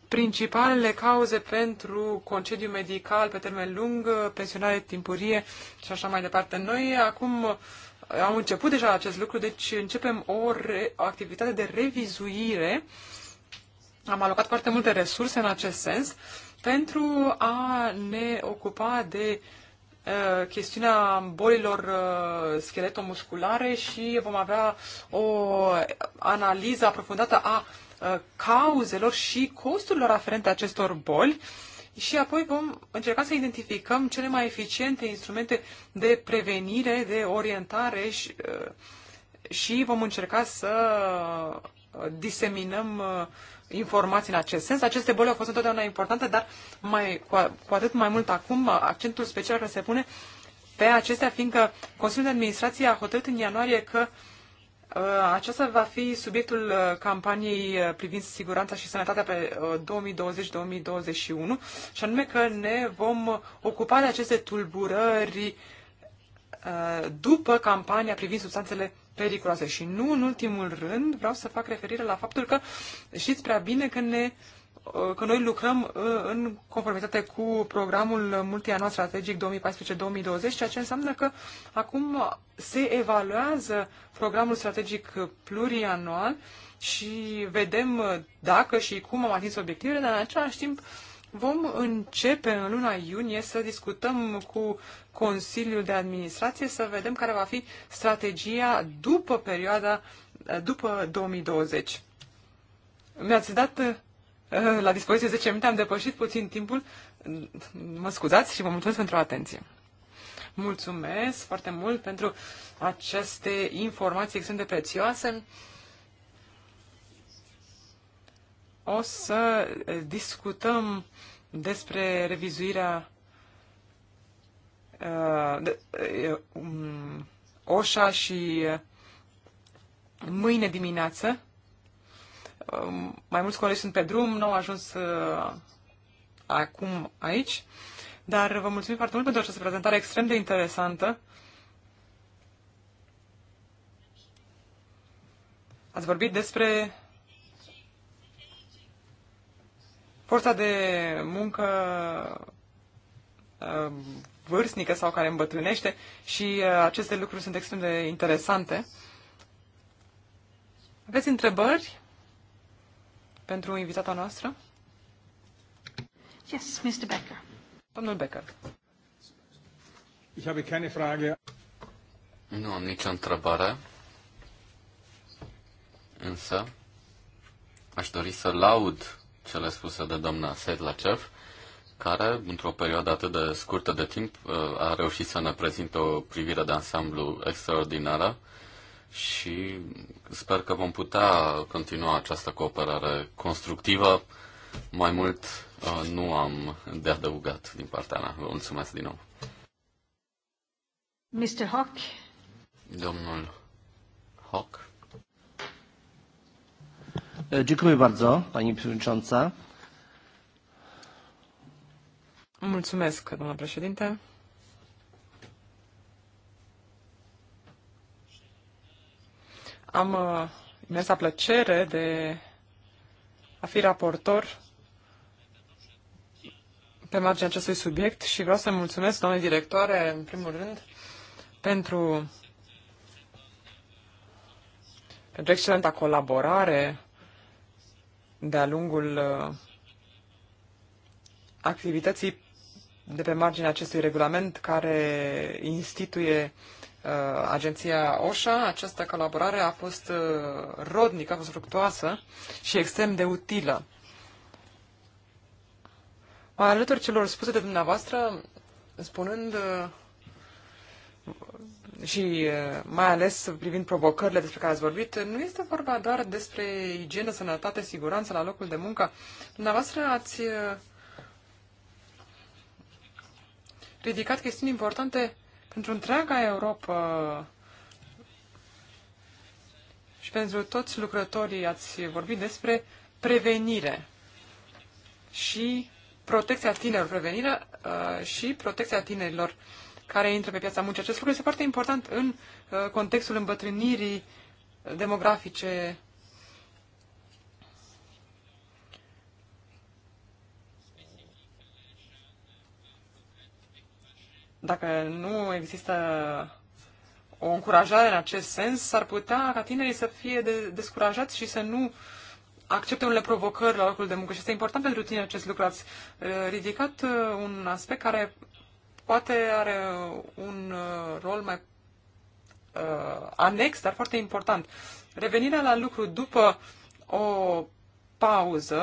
principalele cauze pentru concediu medical pe termen lung, pensionare timpurie și așa mai departe. Noi acum am început deja acest lucru, deci începem o re- activitate de revizuire. Am alocat foarte multe resurse în acest sens pentru a ne ocupa de uh, chestiunea bolilor uh, scheletomusculare și vom avea o analiză aprofundată a uh, cauzelor și costurilor aferente acestor boli și apoi vom încerca să identificăm cele mai eficiente instrumente de prevenire, de orientare și, uh, și vom încerca să uh, diseminăm uh, informații în acest sens. Aceste boli au fost întotdeauna importante, dar mai, cu, cu atât mai mult acum accentul special care se pune pe acestea, fiindcă Consiliul de Administrație a hotărât în ianuarie că uh, Uh, Acesta va fi subiectul uh, campaniei uh, privind siguranța și sănătatea pe 2020-2021 și anume că ne vom ocupa de aceste tulburări după campania privind substanțele periculoase. Și nu în ultimul rând vreau să fac referire la faptul că știți prea bine că ne Uh, că noi lucrăm uh, în conformitate cu programul multianual strategic 2014-2020, ceea ce înseamnă că acum se evaluează programul strategic plurianual și vedem dacă și cum am atins obiectivele, dar în același timp vom începe în luna iunie să discutăm cu Consiliul de Administrație să vedem care va fi strategia după perioada, după 2020. Mi-ați dat Eh, la dispoziție 10 minute, am depășit puțin timpul. Mă scuzați și vă mulțumesc pentru atenție. Mulțumesc foarte mult pentru aceste informații extrem de prețioase. O să discutăm despre revizuirea uh, de, uh, um, OSHA și uh, mâine dimineață mai mulți colegi sunt pe drum, nu au ajuns uh, acum aici, dar vă mulțumim foarte mult pentru această prezentare extrem de interesantă. Ați vorbit despre forța de muncă uh, vârstnică sau care îmbătrânește și uh, aceste lucruri sunt extrem de interesante. Aveți întrebări? pentru invitata noastră? Yes, Mr. Becker. Domnul Becker. Ich habe keine Frage. Nu am nicio întrebare, însă aș dori să laud cele spuse de doamna Sedlacev, care, într-o perioadă atât de scurtă de timp, uh, a reușit să ne prezinte o privire de ansamblu extraordinară și sper că vom putea continua această cooperare constructivă. Mai mult uh, nu am de adăugat din partea mea. Vă mulțumesc din nou. Mr. Hock. Domnul Hock. Dziękuję bardzo, Pani Przewodnicząca. Mulțumesc, doamna președinte. Am uh, imensa plăcere de a fi raportor pe marginea acestui subiect și vreau să mulțumesc doamnei directoare, în primul rând, pentru, pentru excelenta colaborare de-a lungul uh, activității de pe marginea acestui regulament care instituie uh, Uh, agenția OSHA. Această colaborare a fost uh, rodnică, a fost fructuoasă și extrem de utilă. Mă alătur celor spuse de dumneavoastră, spunând uh, și mai ales privind provocările despre care ați vorbit, nu este vorba doar despre igienă, sănătate, siguranță la locul de muncă. Dumneavoastră ați ridicat chestiuni importante pentru întreaga Europa și pentru toți lucrătorii ați vorbit despre prevenire și protecția tinerilor, prevenirea uh, și protecția tinerilor care intră pe piața muncii. Acest lucru este foarte important în uh, contextul îmbătrânirii demografice dacă nu există o încurajare în acest sens, s-ar putea ca tinerii să fie de, descurajați și să nu accepte unele provocări la locul de muncă. Și este important pentru tine acest lucru. Ați uh, ridicat uh, un aspect care poate are un uh, rol mai uh, anex, dar foarte important. Revenirea la lucru după o pauză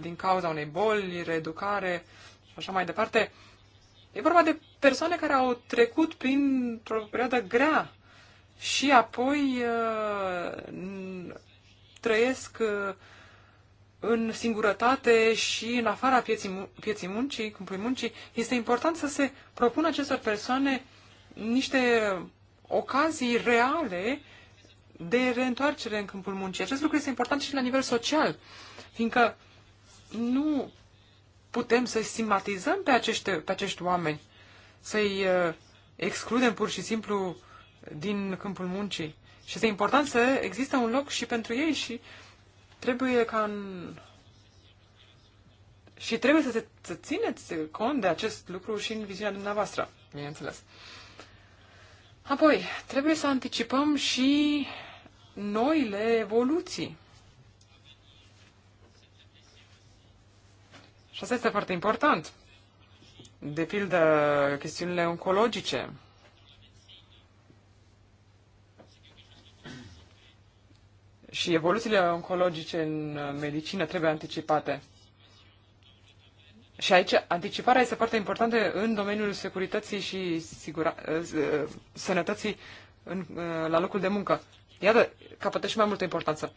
din cauza unei boli, reeducare și așa mai departe, uh, E vorba de persoane care au trecut printr-o perioadă grea și apoi uh, trăiesc uh, în singurătate și în afara pieții, pieții muncii, câmpului muncii, este important să se propună acestor persoane niște ocazii reale de reîntoarcere în câmpul muncii. Acest lucru este important și la nivel social, fiindcă nu putem să stigmatizăm pe, acești, pe acești oameni, să-i uh, excludem pur și simplu din câmpul muncii. Și este important să există un loc și pentru ei și trebuie ca în... Și trebuie să, se, să țineți cont de acest lucru și în viziunea dumneavoastră, bineînțeles. Apoi, trebuie să anticipăm și noile evoluții. Și asta este foarte important. De pildă, chestiunile oncologice. Și evoluțiile oncologice în medicină trebuie anticipate. Și aici anticiparea este foarte importantă în domeniul securității și sigura, sănătății în, la locul de muncă. Iată, capătă și mai multă importanță.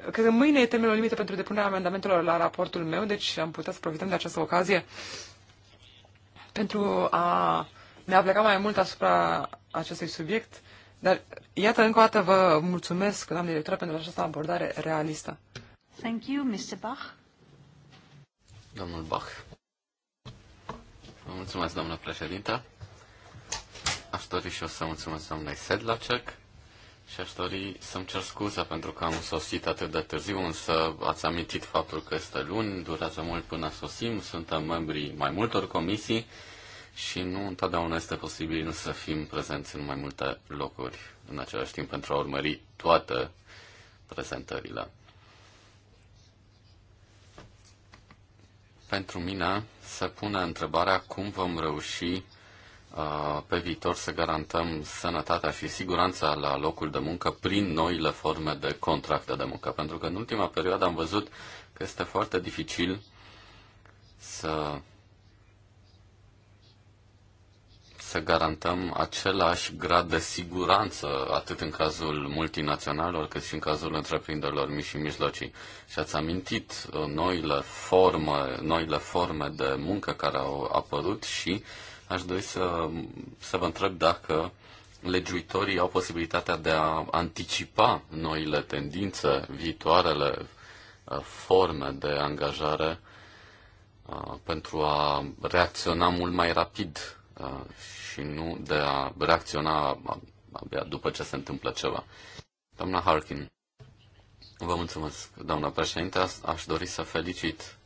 Cred că mâine e termenul limită pentru depunerea amendamentelor la raportul meu, deci am putea să profităm de această ocazie pentru a ne apleca mai mult asupra acestui subiect. Dar iată, încă o dată vă mulțumesc, doamne director, pentru această abordare realistă. Thank you, Mr. Bach. Domnul Bach. Vă mulțumesc, doamnă președintă. Aș dori și eu să mulțumesc doamnei Sedlacek și aș dori să-mi cer scuze pentru că am sosit atât de târziu, însă ați amintit faptul că este luni, durează mult până sosim, suntem membrii mai multor comisii și nu întotdeauna este posibil să fim prezenți în mai multe locuri în același timp pentru a urmări toate prezentările. Pentru mine se pune întrebarea cum vom reuși pe viitor să garantăm sănătatea și siguranța la locul de muncă prin noile forme de contracte de muncă. Pentru că în ultima perioadă am văzut că este foarte dificil să să garantăm același grad de siguranță atât în cazul multinaționalelor cât și în cazul întreprinderilor mici și mijlocii. Și ați amintit uh, noile forme, noile forme de muncă care au apărut și uh, Aș dori să, să vă întreb dacă legiuitorii au posibilitatea de a anticipa noile tendințe, viitoarele uh, forme de angajare uh, pentru a reacționa mult mai rapid uh, și nu de a reacționa abia după ce se întâmplă ceva. Doamna Harkin, vă mulțumesc, doamna președinte. Aș dori să felicit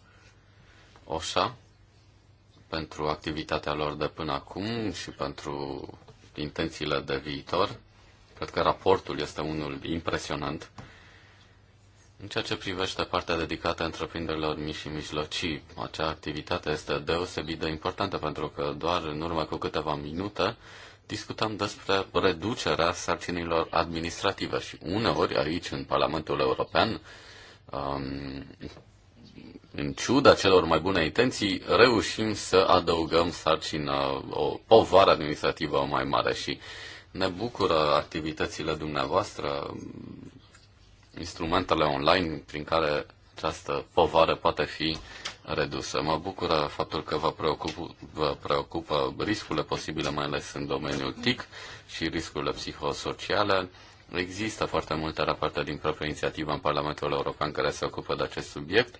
OSHA pentru activitatea lor de până acum și pentru intențiile de viitor. Cred că raportul este unul impresionant. În ceea ce privește partea dedicată întreprinderilor mici și mijlocii, acea activitate este deosebit de importantă pentru că doar în urmă cu câteva minute discutăm despre reducerea sarcinilor administrative și uneori aici, în Parlamentul European, um, în ciuda celor mai bune intenții, reușim să adăugăm sarcină, o povară administrativă mai mare și ne bucură activitățile dumneavoastră, instrumentele online prin care această povară poate fi redusă. Mă bucură faptul că vă, preocup, vă preocupă riscurile posibile, mai ales în domeniul TIC și riscurile psihosociale. Există foarte multe rapoarte din proprie inițiativă în Parlamentul European care se ocupă de acest subiect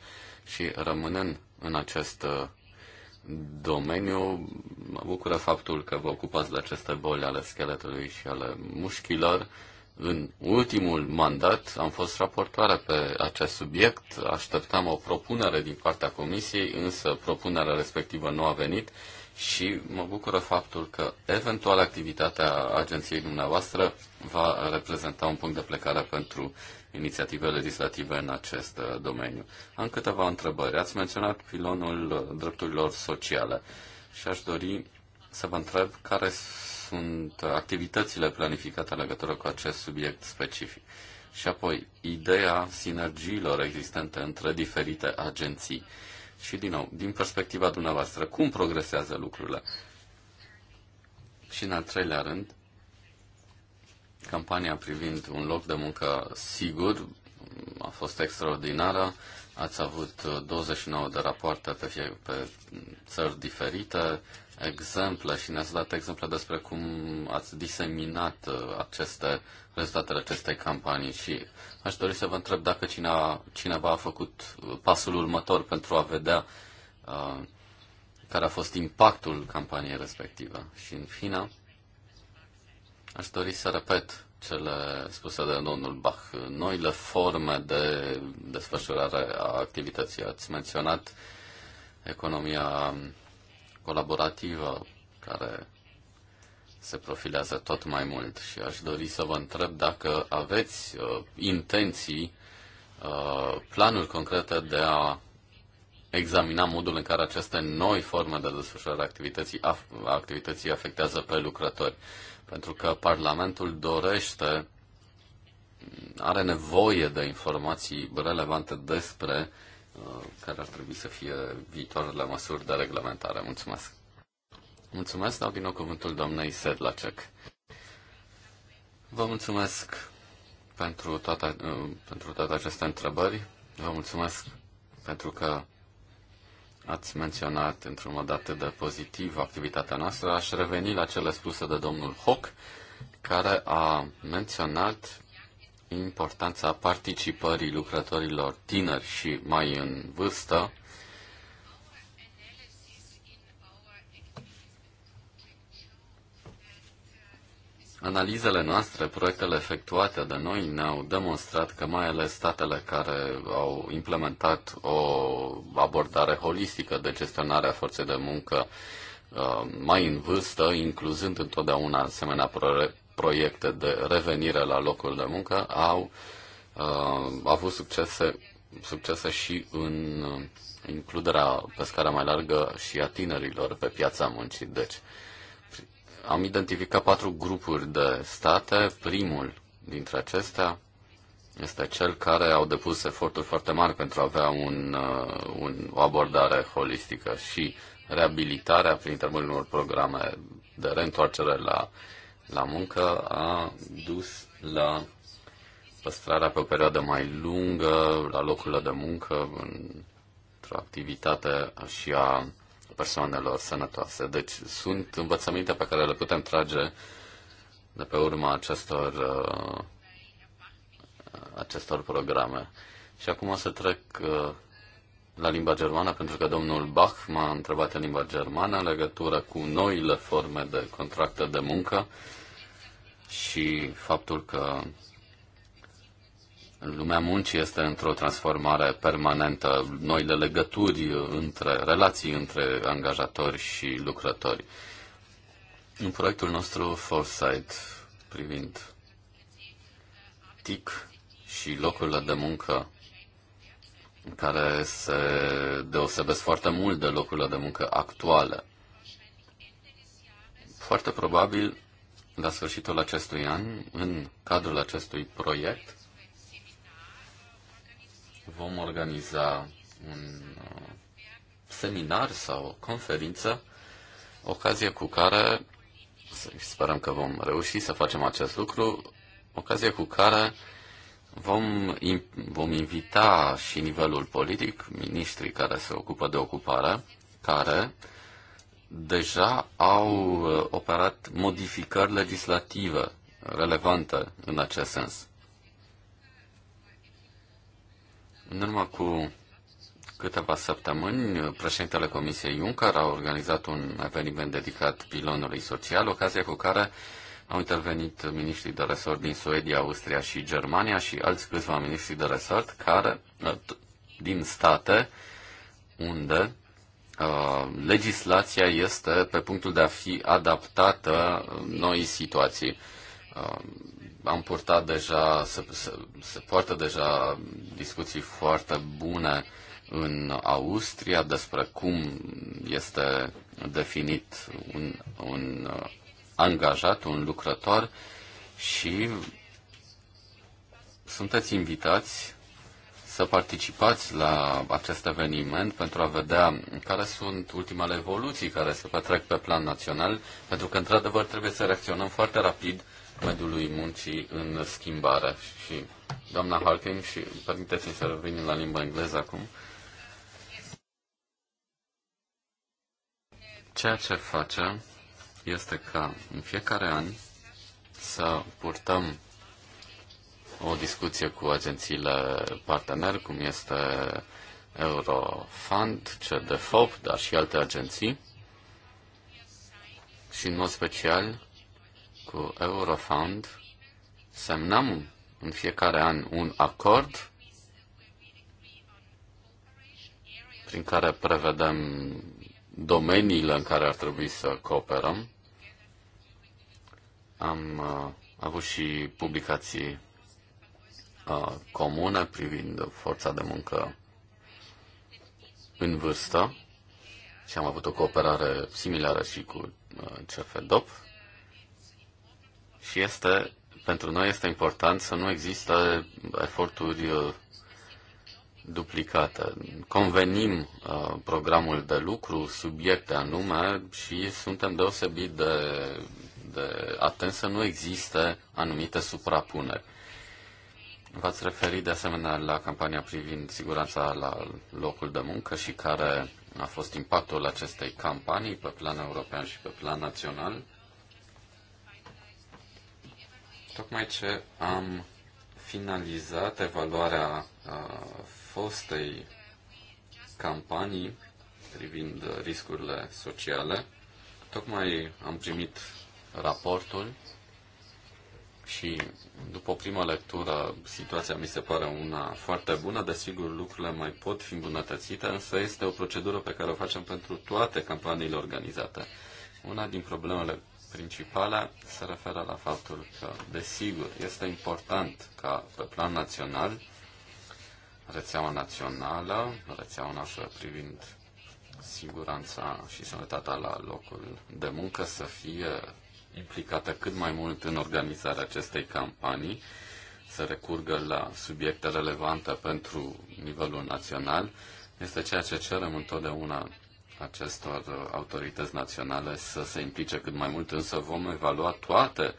și rămânem în acest uh, domeniu. Mă bucură faptul că vă ocupați de aceste boli ale scheletului și ale mușchilor. În ultimul mandat am fost raportoare pe acest subiect, așteptam o propunere din partea Comisiei, însă propunerea respectivă nu a venit și mă bucură faptul că eventual activitatea agenției dumneavoastră va reprezenta un punct de plecare pentru inițiative legislative în acest uh, domeniu. Am câteva întrebări. Ați menționat pilonul uh, drepturilor sociale și aș dori să vă întreb care sunt activitățile planificate în legătură cu acest subiect specific. Și apoi, ideea sinergiilor existente între diferite agenții. Și, din nou, din perspectiva dumneavoastră, cum progresează lucrurile? Și, în al treilea rând, Campania privind un loc de muncă sigur a fost extraordinară. Ați avut 29 de rapoarte pe, fie, pe țări diferite, exemple și ne-ați dat exemple despre cum ați diseminat uh, aceste rezultatele acestei campanii și aș dori să vă întreb dacă cineva, cineva a făcut uh, pasul următor pentru a vedea uh, care a fost impactul campaniei respective. Și în final, Aș dori să repet cele spuse de domnul Bach. Noile forme de desfășurare a activității. Ați menționat economia colaborativă care se profilează tot mai mult și aș dori să vă întreb dacă aveți uh, intenții, uh, planuri concrete de a examina modul în care aceste noi forme de desfășurare a activității, a, a activității afectează pe lucrători. Uh, pentru că Parlamentul dorește, are nevoie de informații relevante despre uh, care ar trebui să fie viitoarele măsuri de reglementare. Mulțumesc! Mulțumesc, dau din nou cuvântul doamnei Sedlacek. Vă mulțumesc pentru toate, uh, pentru toate aceste întrebări. Vă mulțumesc pentru că Ați menționat într-un mod atât de pozitiv activitatea noastră. Aș reveni la cele spuse de domnul Hoc, care a menționat importanța participării lucrătorilor tineri și mai în vârstă Analizele noastre, proiectele efectuate de noi ne-au demonstrat că mai ales statele care au implementat o abordare holistică de gestionare a forței de muncă uh, mai în vârstă, incluzând întotdeauna asemenea proiecte de revenire la locul de muncă, au uh, avut succese, succese și în uh, includerea pe scara mai largă și a tinerilor pe piața muncii. Deci, am identificat patru grupuri de state. Primul dintre acestea este cel care au depus eforturi foarte mari pentru a avea un, uh, un, o abordare holistică și reabilitarea prin intermediul unor programe de reîntoarcere la, la muncă a dus la păstrarea pe o perioadă mai lungă la locurile de muncă, într-o activitate și a persoanelor sănătoase. Deci sunt învățăminte pe care le putem trage de pe urma acestor, uh, acestor programe. Și acum o să trec uh, la limba germană, pentru că domnul Bach m-a întrebat în limba germană în legătură cu noile forme de contracte de muncă și faptul că Lumea muncii este într-o transformare permanentă, noile legături între relații între angajatori și lucrători. În proiectul nostru Foresight privind TIC și locurile de muncă care se deosebesc foarte mult de locurile de muncă actuale. Foarte probabil, la sfârșitul acestui an, în cadrul acestui proiect, vom organiza un uh, seminar sau o conferință, ocazie cu care, sperăm că vom reuși să facem acest lucru, ocazie cu care vom, vom invita și nivelul politic, ministrii care se ocupă de ocupare, care deja au uh, operat modificări legislative relevante în acest sens. În urmă cu câteva săptămâni, președintele Comisiei Juncker a organizat un eveniment dedicat pilonului social, ocazia cu care au intervenit miniștrii de resort din Suedia, Austria și Germania și alți câțiva miniștri de resort care, uh, din state unde uh, legislația este pe punctul de a fi adaptată uh, noi situații. Uh, am purtat deja, se, se, se poartă deja discuții foarte bune în Austria despre cum este definit un, un uh, angajat, un lucrător și sunteți invitați să participați la acest eveniment pentru a vedea care sunt ultimele evoluții care se petrec pe plan național, pentru că, într-adevăr, trebuie să reacționăm foarte rapid mediului muncii în schimbare. Și doamna Halkin, și permiteți-mi să revenim la limba engleză acum. Ceea ce facem este ca în fiecare an să purtăm o discuție cu agențiile partener, cum este Eurofund, CDFOP, dar și alte agenții. Și în mod special cu Eurofound semnăm în fiecare an un acord prin care prevedem domeniile în care ar trebui să cooperăm. Am uh, avut și publicații uh, comune privind forța de muncă în vârstă și am avut o cooperare similară și cu uh, CFDOP și este, pentru noi este important să nu există eforturi uh, duplicate. Convenim uh, programul de lucru, subiecte anume și suntem deosebit de, de atenți să nu există anumite suprapuneri. V-ați referit de asemenea la campania privind siguranța la locul de muncă și care a fost impactul acestei campanii pe plan european și pe plan național. Tocmai ce am finalizat evaluarea fostei campanii privind riscurile sociale, tocmai am primit raportul și după prima lectură situația mi se pare una foarte bună, desigur lucrurile mai pot fi îmbunătățite, însă este o procedură pe care o facem pentru toate campaniile organizate. Una din problemele principala se referă la faptul că, desigur, este important ca pe plan național rețeaua națională, rețeaua noastră privind siguranța și sănătatea la locul de muncă să fie implicată cât mai mult în organizarea acestei campanii, să recurgă la subiecte relevante pentru nivelul național. Este ceea ce cerem întotdeauna acestor autorități naționale să se implice cât mai mult, însă vom evalua toate,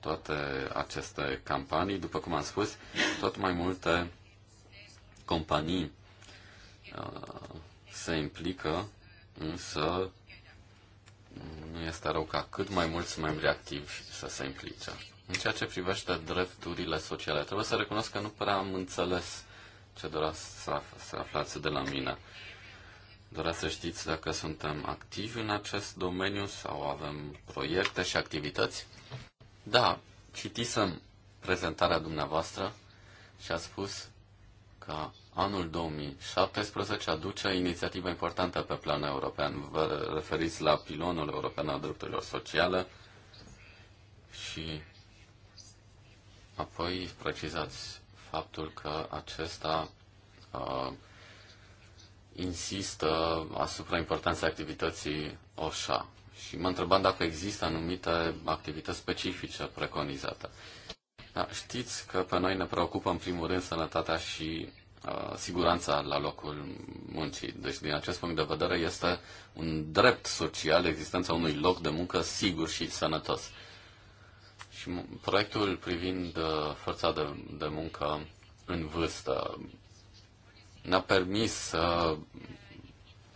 toate aceste campanii. După cum am spus, tot mai multe companii uh, se implică, însă nu este rău ca cât mai mulți membri activi să se implice. În ceea ce privește drepturile sociale, trebuie să recunosc că nu prea am înțeles ce doreați să, să aflați de la mine. Uh, Doresc să știți dacă suntem activi în acest domeniu sau avem proiecte și activități. Da, citisem prezentarea dumneavoastră și a spus că anul 2017 aduce inițiativă importantă pe plan european. Vă referiți la pilonul european al drepturilor sociale și apoi precizați faptul că acesta uh, insistă asupra importanței activității OSHA și mă întrebam dacă există anumite activități specifice preconizate. Da, știți că pe noi ne preocupă în primul rând sănătatea și uh, siguranța la locul muncii. Deci, din acest punct de vedere, este un drept social existența unui loc de muncă sigur și sănătos. Și proiectul privind uh, forța de, de muncă în vârstă, ne-a permis să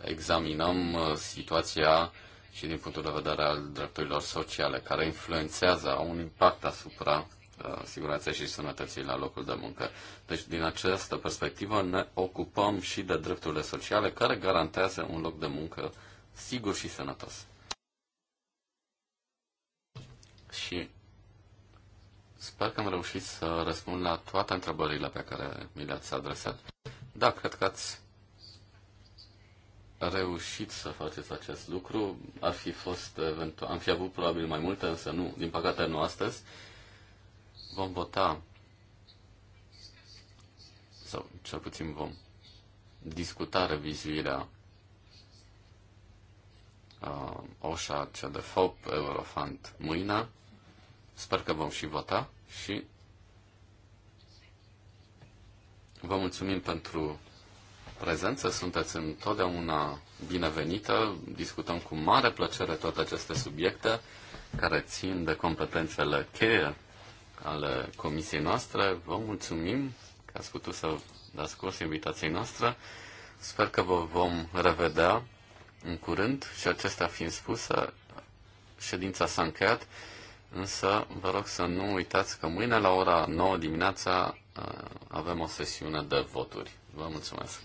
examinăm uh, situația și din punctul de vedere al drepturilor sociale, care influențează, au un impact asupra uh, siguranței și sănătății la locul de muncă. Deci, din această perspectivă, ne ocupăm și de drepturile sociale care garantează un loc de muncă sigur și sănătos. Și sper că am reușit să răspund la toate întrebările pe care mi le-ați adresat. Da, cred că ați reușit să faceți acest lucru. Ar fi fost eventual, am fi avut probabil mai multe, însă nu, din păcate nu astăzi. Vom vota sau cel puțin vom discuta revizuirea uh, OSHA, CDFOP, Eurofund mâine. Sper că vom și vota și Vă mulțumim pentru prezență, sunteți întotdeauna binevenită, discutăm cu mare plăcere toate aceste subiecte care țin de competențele cheie ale comisiei noastre. Vă mulțumim că ați putut să dați curs invitației noastre. Sper că vă vom revedea în curând și acestea fiind spuse, ședința s-a încheiat însă vă rog să nu uitați că mâine la ora 9 dimineața uh, avem o sesiune de voturi. Vă mulțumesc!